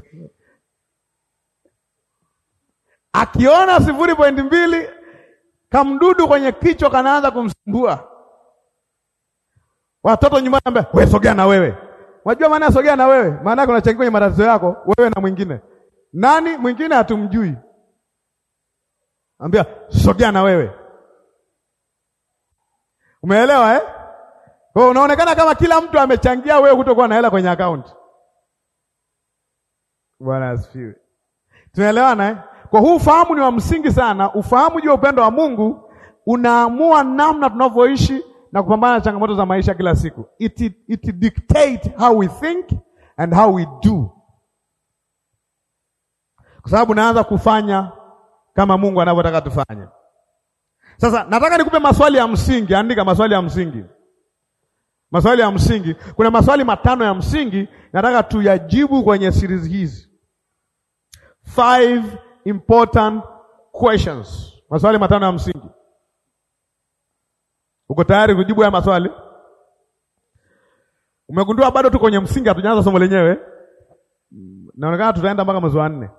Akiona sifuri pointi mbili, kamdudu kwenye kichwa kanaanza kumsumbua. Watoto nyumbani ambia, wewe sogea na wewe. Unajua maana sogea na wewe? Maana yake unachangia kwenye matatizo yako wewe na mwingine. Nani mwingine hatumjui. Ambia sogea na wewe. Umeelewa eh? Kwa unaonekana kama kila mtu amechangia wewe kutokuwa na hela kwenye akaunti. Bwana asifiwe. Tunaelewana eh? Kwa huu ufahamu ni wa msingi sana. Ufahamu juu ya upendo wa Mungu unaamua namna tunavyoishi na kupambana na changamoto za maisha kila siku. It, it, it dictate how we think and how we do, kwa sababu naanza kufanya kama Mungu anavyotaka tufanye. Sasa nataka nikupe maswali ya msingi. Andika maswali ya msingi, maswali ya msingi. Kuna maswali matano ya msingi nataka tuyajibu kwenye series hizi, five important questions, maswali matano ya msingi. Uko tayari kujibu haya maswali? Umegundua bado tuko kwenye msingi, hatujaanza somo lenyewe. Naonekana tutaenda mpaka mwezi wa nne,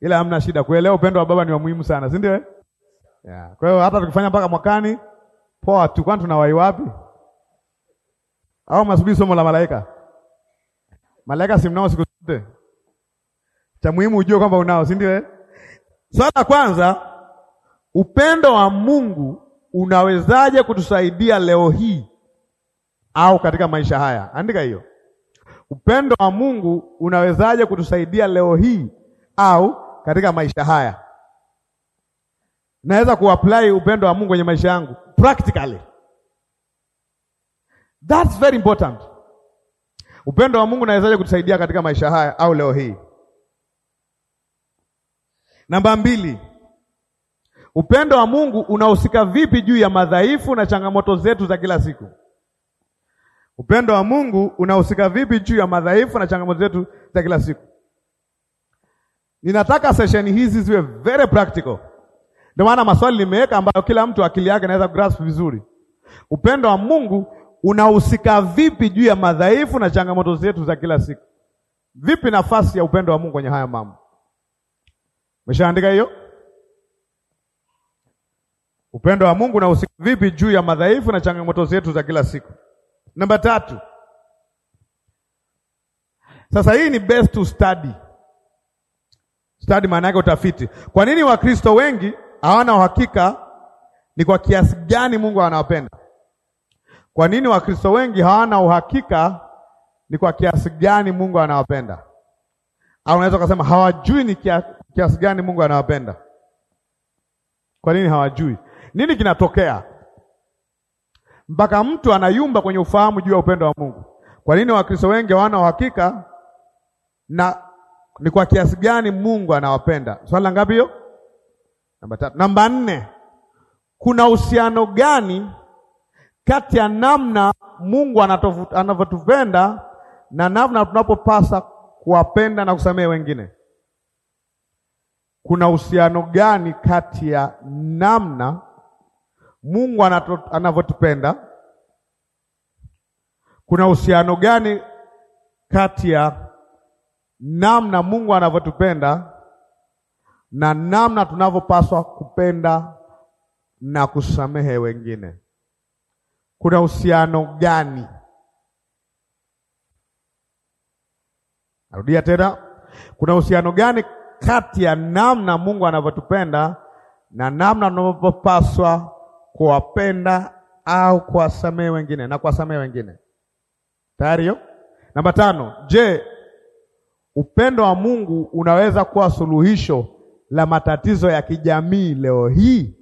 ila hamna shida. Kuelewa upendo wa Baba ni wa muhimu sana, si ndio? Eh? Yeah. Kwa hiyo hata tukifanya mpaka mwakani poa tu, kwani tunawai wapi? Au masubiri somo la malaika? Malaika simnao siku zote. Cha muhimu ujue kwamba unao, si ndio? Eh? Swala la kwanza, upendo wa Mungu unawezaje kutusaidia leo hii au katika maisha haya? Andika hiyo. Upendo wa Mungu unawezaje kutusaidia leo hii au katika maisha haya? Naweza kuapply upendo wa Mungu kwenye maisha yangu practically. That's very important. Upendo wa Mungu unawezaje kutusaidia katika maisha haya au leo hii? Namba mbili, upendo wa Mungu unahusika vipi juu ya madhaifu na changamoto zetu za kila siku? Upendo wa Mungu unahusika vipi juu ya madhaifu na changamoto zetu za kila siku? Ninataka sesheni hizi ziwe very practical. Ndio maana maswali nimeweka ambayo kila mtu akili yake anaweza grasp vizuri. Upendo wa Mungu unahusika vipi juu ya madhaifu na changamoto zetu za kila siku? Vipi nafasi ya upendo wa Mungu kwenye haya mambo? Umeshaandika hiyo? Upendo wa Mungu unahusika vipi juu ya madhaifu na changamoto zetu za kila siku? Namba tatu. Sasa hii ni best to study. Study maana yake utafiti. Kwa nini Wakristo wengi hawana uhakika ni kwa kiasi gani Mungu anawapenda? Kwa nini Wakristo wengi hawana uhakika ni kwa kiasi gani Mungu anawapenda? Au unaweza kusema hawajui ni kia, kiasi gani Mungu anawapenda. Kwa nini hawajui nini kinatokea mpaka mtu anayumba kwenye ufahamu juu ya upendo wa Mungu? Kwa nini Wakristo wengi hawana uhakika na ni kwa kiasi gani Mungu anawapenda? Swali la ngapi hiyo? Namba tatu. Namba nne, kuna uhusiano gani kati ya namna Mungu anavyotupenda na namna tunapopasa kuwapenda na kusamehe wengine? kuna uhusiano gani kati ya namna Mungu anavyotupenda? Kuna uhusiano gani kati ya namna Mungu anavyotupenda na namna tunavyopaswa kupenda na kusamehe wengine? Kuna uhusiano gani? Narudia tena, kuna uhusiano gani kati ya namna Mungu anavyotupenda na namna tunavyopaswa kuwapenda au kuwasamehe wengine na kuwasamehe wengine. Tayari hiyo? Namba tano. Je, upendo wa Mungu unaweza kuwa suluhisho la matatizo ya kijamii leo hii?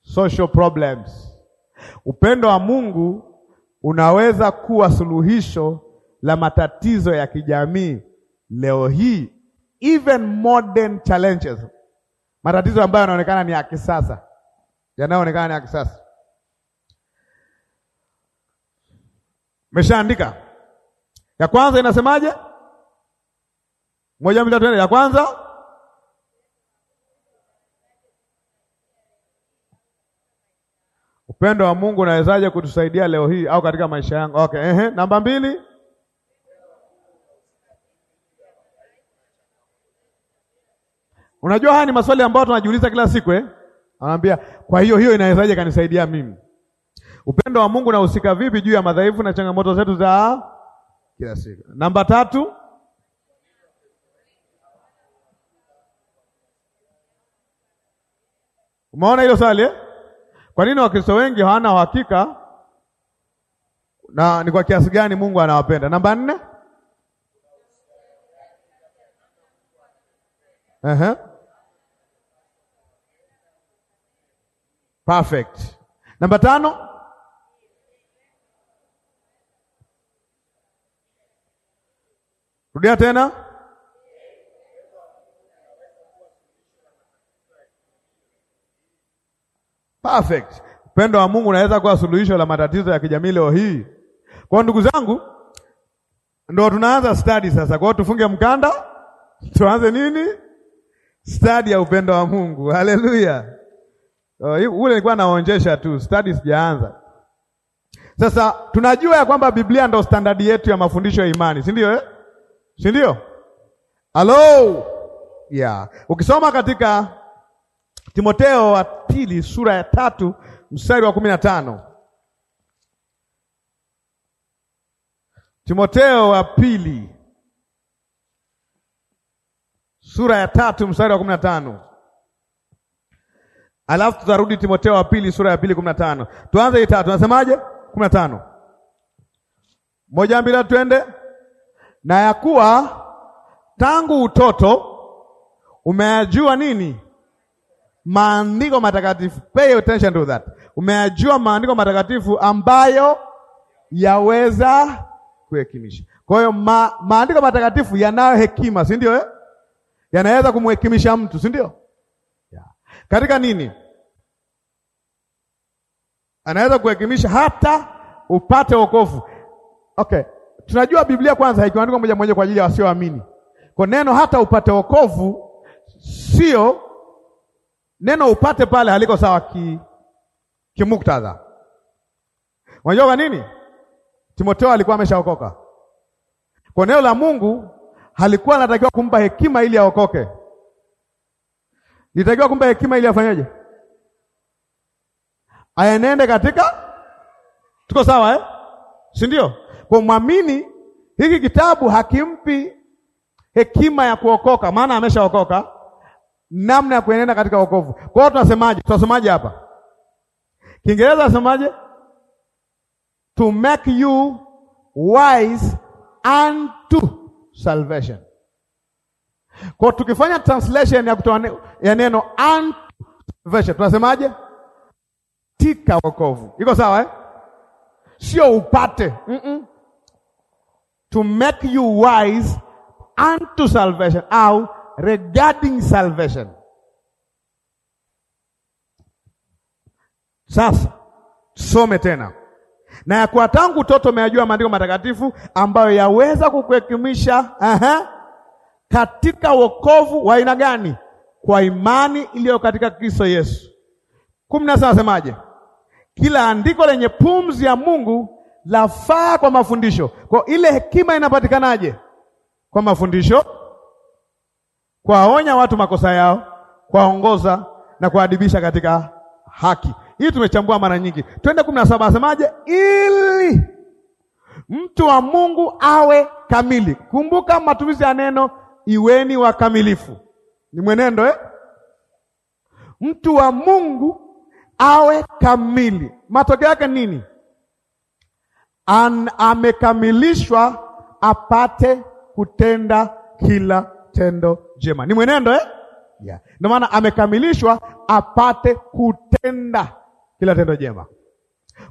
Social problems. Upendo wa Mungu unaweza kuwa suluhisho la matatizo ya kijamii Leo hii even modern challenges, matatizo ambayo yanaonekana ni ya kisasa, yanayoonekana ni ya kisasa. Meshaandika ya kwanza inasemaje? Moja, mbili, tatu, Ya kwanza upendo wa Mungu unawezaje kutusaidia leo hii au katika maisha yangu? Okay, ehe. Namba mbili Unajua, haya ni maswali ambayo tunajiuliza kila siku eh? Anaambia, kwa hiyo hiyo inawezaje kanisaidia mimi? Upendo wa Mungu unahusika vipi juu ya madhaifu na changamoto zetu za kila siku? Namba tatu, umeona hilo swali eh? Kwa nini Wakristo wengi hawana uhakika na ni kwa kiasi gani Mungu anawapenda? Namba nne, uh -huh. perfect. Namba tano, rudia tena. Perfect. Upendo wa Mungu unaweza kuwa suluhisho la matatizo ya kijamii leo hii. Kwa ndugu zangu, ndo tunaanza study sasa. Kwa hiyo tufunge mkanda, tuanze nini? Study ya upendo wa Mungu. Haleluya. Uh, ule nilikuwa naonjesha tu, study sijaanza. Sasa tunajua ya kwamba Biblia ndo standard yetu ya mafundisho ya imani, si ndio eh? si ndio? Hello. Yeah. Ukisoma katika Timoteo wa pili sura ya tatu mstari wa kumi na tano Timoteo wa pili sura ya tatu mstari wa kumi na tano Alafu tutarudi Timotheo wa pili sura ya pili kumi na tano. Tuanze itatu, nasemaje? kumi na tano moja mbili, twende na ya kuwa tangu utoto umeyajua nini maandiko matakatifu. Pay attention to that. Umeyajua maandiko matakatifu ambayo yaweza kuhekimisha. Kwa hiyo ma, maandiko matakatifu yanayo hekima, si ndio eh? Yanaweza kumhekimisha mtu, si ndio? Yeah. Katika nini? anaweza kuhekimisha hata upate wokovu. Okay, tunajua Biblia kwanza haikuandikwa moja moja kwa ajili ya wasioamini. Kwa neno hata upate wokovu, sio neno upate pale haliko sawa ki kimuktadha. Unajua kwa nini? Timotheo alikuwa ameshaokoka. Kwa neno la Mungu halikuwa anatakiwa kumpa hekima ili aokoke, litakiwa kumpa hekima ili afanyaje? aenende katika, tuko sawa eh? si ndio? Kwa mwamini hiki kitabu hakimpi hekima ya kuokoka, maana ameshaokoka, namna ya kuenenda katika wokovu. Kwa hiyo tunasemaje? Tunasemaje hapa Kiingereza nasemaje? To make you wise unto salvation. Kwa tukifanya translation ya, kutoa ya neno unto salvation tunasemaje? katika wokovu. Iko sawa eh? Sio upate. Mm -mm. To make you wise unto salvation au regarding salvation. Sasa some tena na ya kuwa tangu utoto umeyajua maandiko matakatifu ambayo yaweza kukuhekimisha katika wokovu wa aina gani? Kwa imani iliyo katika Kristo Yesu. kumi na saba nasemaje? Kila andiko lenye pumzi ya Mungu lafaa kwa mafundisho. Kwa ile hekima inapatikanaje? Kwa mafundisho, kwaonya watu makosa yao, kwaongoza na kuadibisha katika haki. Hii tumechambua mara nyingi. Twende kumi na saba, asemaje? Ili mtu wa Mungu awe kamili. Kumbuka matumizi ya neno iweni wakamilifu, ni mwenendo eh? Mtu wa Mungu awe kamili. Matokeo yake nini? An, amekamilishwa apate kutenda kila tendo jema. Ni mwenendo eh? Yeah. Ndio maana amekamilishwa apate kutenda kila tendo jema.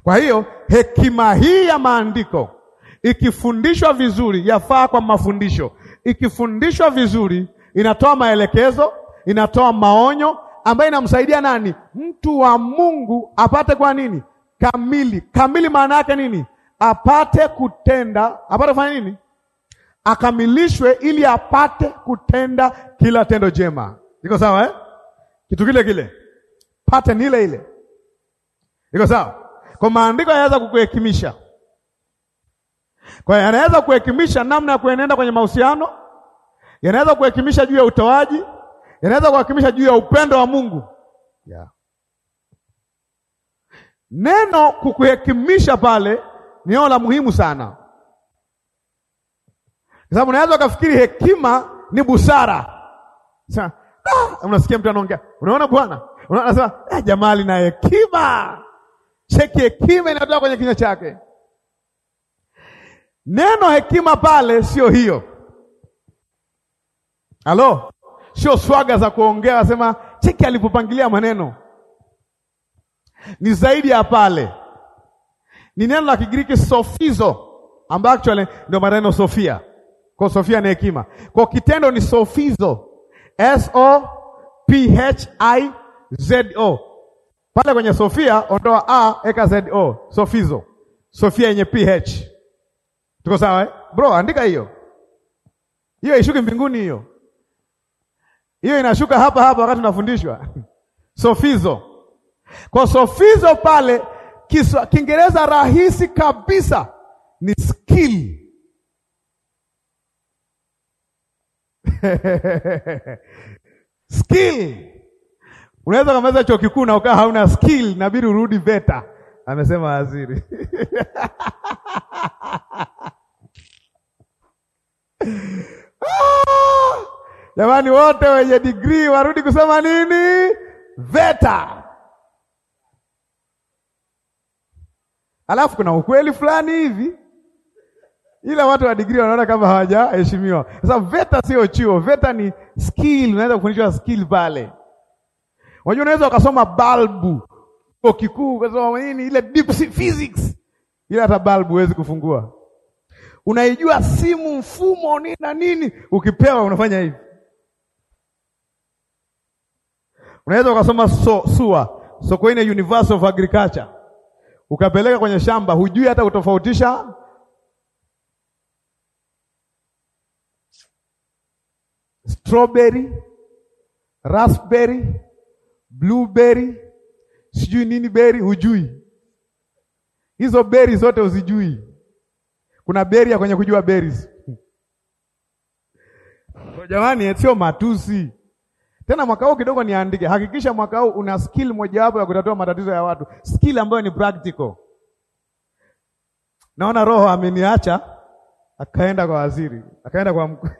Kwa hiyo hekima hii ya maandiko ikifundishwa vizuri, yafaa kwa mafundisho. Ikifundishwa vizuri, inatoa maelekezo, inatoa maonyo, ambayo inamsaidia nani? Mtu wa Mungu apate kwa nini? Kamili. Kamili maana yake nini? Apate kutenda, apate kufanya nini? Akamilishwe ili apate kutenda kila tendo jema. Iko sawa eh? Kitu kile kile, pattern ile ile, iko sawa. Kwa maandiko yanaweza kukuhekimisha, kwa hiyo yanaweza kuhekimisha namna ya kuenenda kwenye mahusiano, yanaweza kuhekimisha juu ya utoaji yanaweza kuhakimisha juu ya upendo wa Mungu yeah. Neno kukuhekimisha pale ni neno la muhimu sana, kwa sababu unaweza ukafikiri hekima ni busara. Ah, unasikia mtu anaongea, unaona bwana, unasema eh, jamaa lina hekima. Cheki hekima inatoka kwenye kinywa chake. Neno hekima pale sio hiyo. Halo, sio swaga za kuongea, wasema cheki alipopangilia maneno ni zaidi ya pale. Ni neno la Kigiriki sofizo, ambayo actually ndio maneno sofia. Kwa sofia ni hekima, kwa kitendo ni sofizo, S O P H I Z O. Pale kwenye sofia ondoa a, eka Z O, sofizo, sofia yenye ph. Tuko sawa eh? Bro, andika hiyo hiyo, ishuki mbinguni hiyo hiyo inashuka hapa hapa wakati tunafundishwa sofizo. Kwa sofizo pale Kiswa, Kiingereza rahisi kabisa ni skill [laughs] skill. Unaweza kamaliza chuo kikuu na ukaa hauna skill, nabidi urudi VETA, amesema waziri [laughs] ah! Jamani, wote wenye degree warudi kusema nini? VETA. Alafu kuna ukweli fulani hivi, ila watu wa degree wanaona kama hawajaheshimiwa. Sasa VETA sio chuo, VETA ni skill. Unaweza kufundishwa skill pale. Unajua, unaweza ukasoma balbu chuo kikuu ukasoma nini ile deep physics, ila hata balbu huwezi kufungua. Unaijua simu mfumo nini na nini, ukipewa unafanya hivi Unaweza ukasoma so, SUA Sokoine Universe of Agriculture ukapeleka kwenye shamba, hujui hata kutofautisha strawberry, raspberry, blueberry, sijui nini berry, hujui hizo beri zote uzijui. Kuna beri ya kwenye kujua berries. [laughs] Jamani, sio matusi. Tena mwaka huu kidogo niandike, hakikisha mwaka huu una skill mojawapo ya kutatua matatizo ya watu, skill ambayo ni practical. Naona Roho ameniacha akaenda kwa waziri, akaenda kwa mkuu [laughs]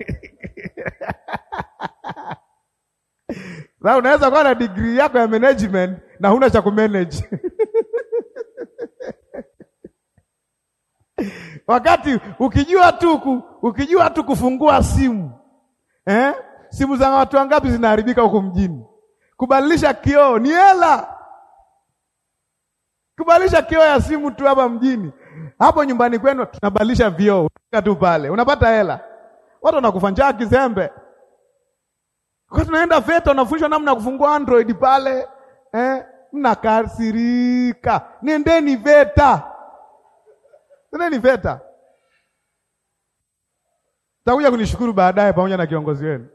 Sasa unaweza kuwa na degree yako ya management na huna cha kumanage [laughs] wakati ukijua tu ukijua tu kufungua simu eh? simu za watu wangapi zinaharibika huko mjini? Kubadilisha kioo ni hela, kubadilisha kioo ya simu tu hapa mjini. Hapo nyumbani kwenu tunabadilisha vioo tu pale, unapata hela. Watu wanakufa njaa kizembe. Kwa tunaenda VETA, unafundishwa namna ya kufungua Android pale eh? Mnakasirika, nendeni VETA, nendeni VETA. Takuja kunishukuru baadaye pamoja na kiongozi wenu.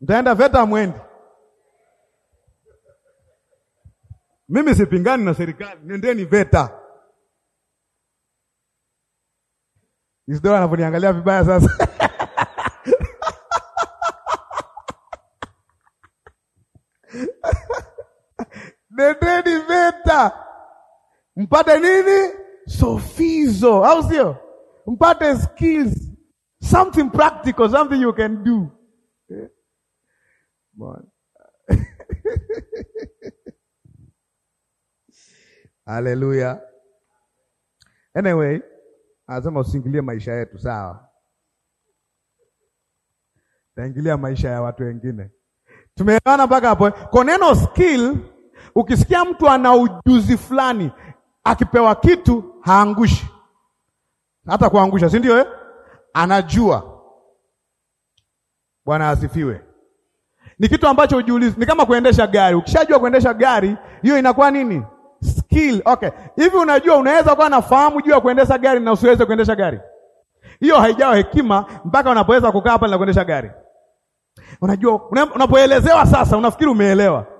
Mtaenda VETA mwendi. Mimi sipingani na serikali, nendeni VETA. Isidora anavyoniangalia vibaya sasa. [laughs] Nendeni VETA mpate nini? Sofizo, au sio? Mpate skills, something practical, something you can do. Eh? Bwana. Uh, [laughs] Haleluya. Anyway, anasema usiingilie maisha yetu, sawa? Taingilia maisha ya watu wengine. Tumeelewana mpaka hapo? Eh? Kwa neno skill, ukisikia mtu ana ujuzi fulani akipewa kitu haangushi, hata kuangusha, si ndio eh? Anajua. Bwana asifiwe. Ni kitu ambacho hujiulizi, ni kama kuendesha gari. Ukishajua kuendesha gari, hiyo inakuwa nini? Skill. Okay. Hivi unajua unaweza kuwa nafahamu juu ya kuendesha gari na usiweze kuendesha gari? Hiyo haijawa hekima mpaka unapoweza kukaa hapa na kuendesha gari. Unajua unapoelezewa sasa unafikiri umeelewa.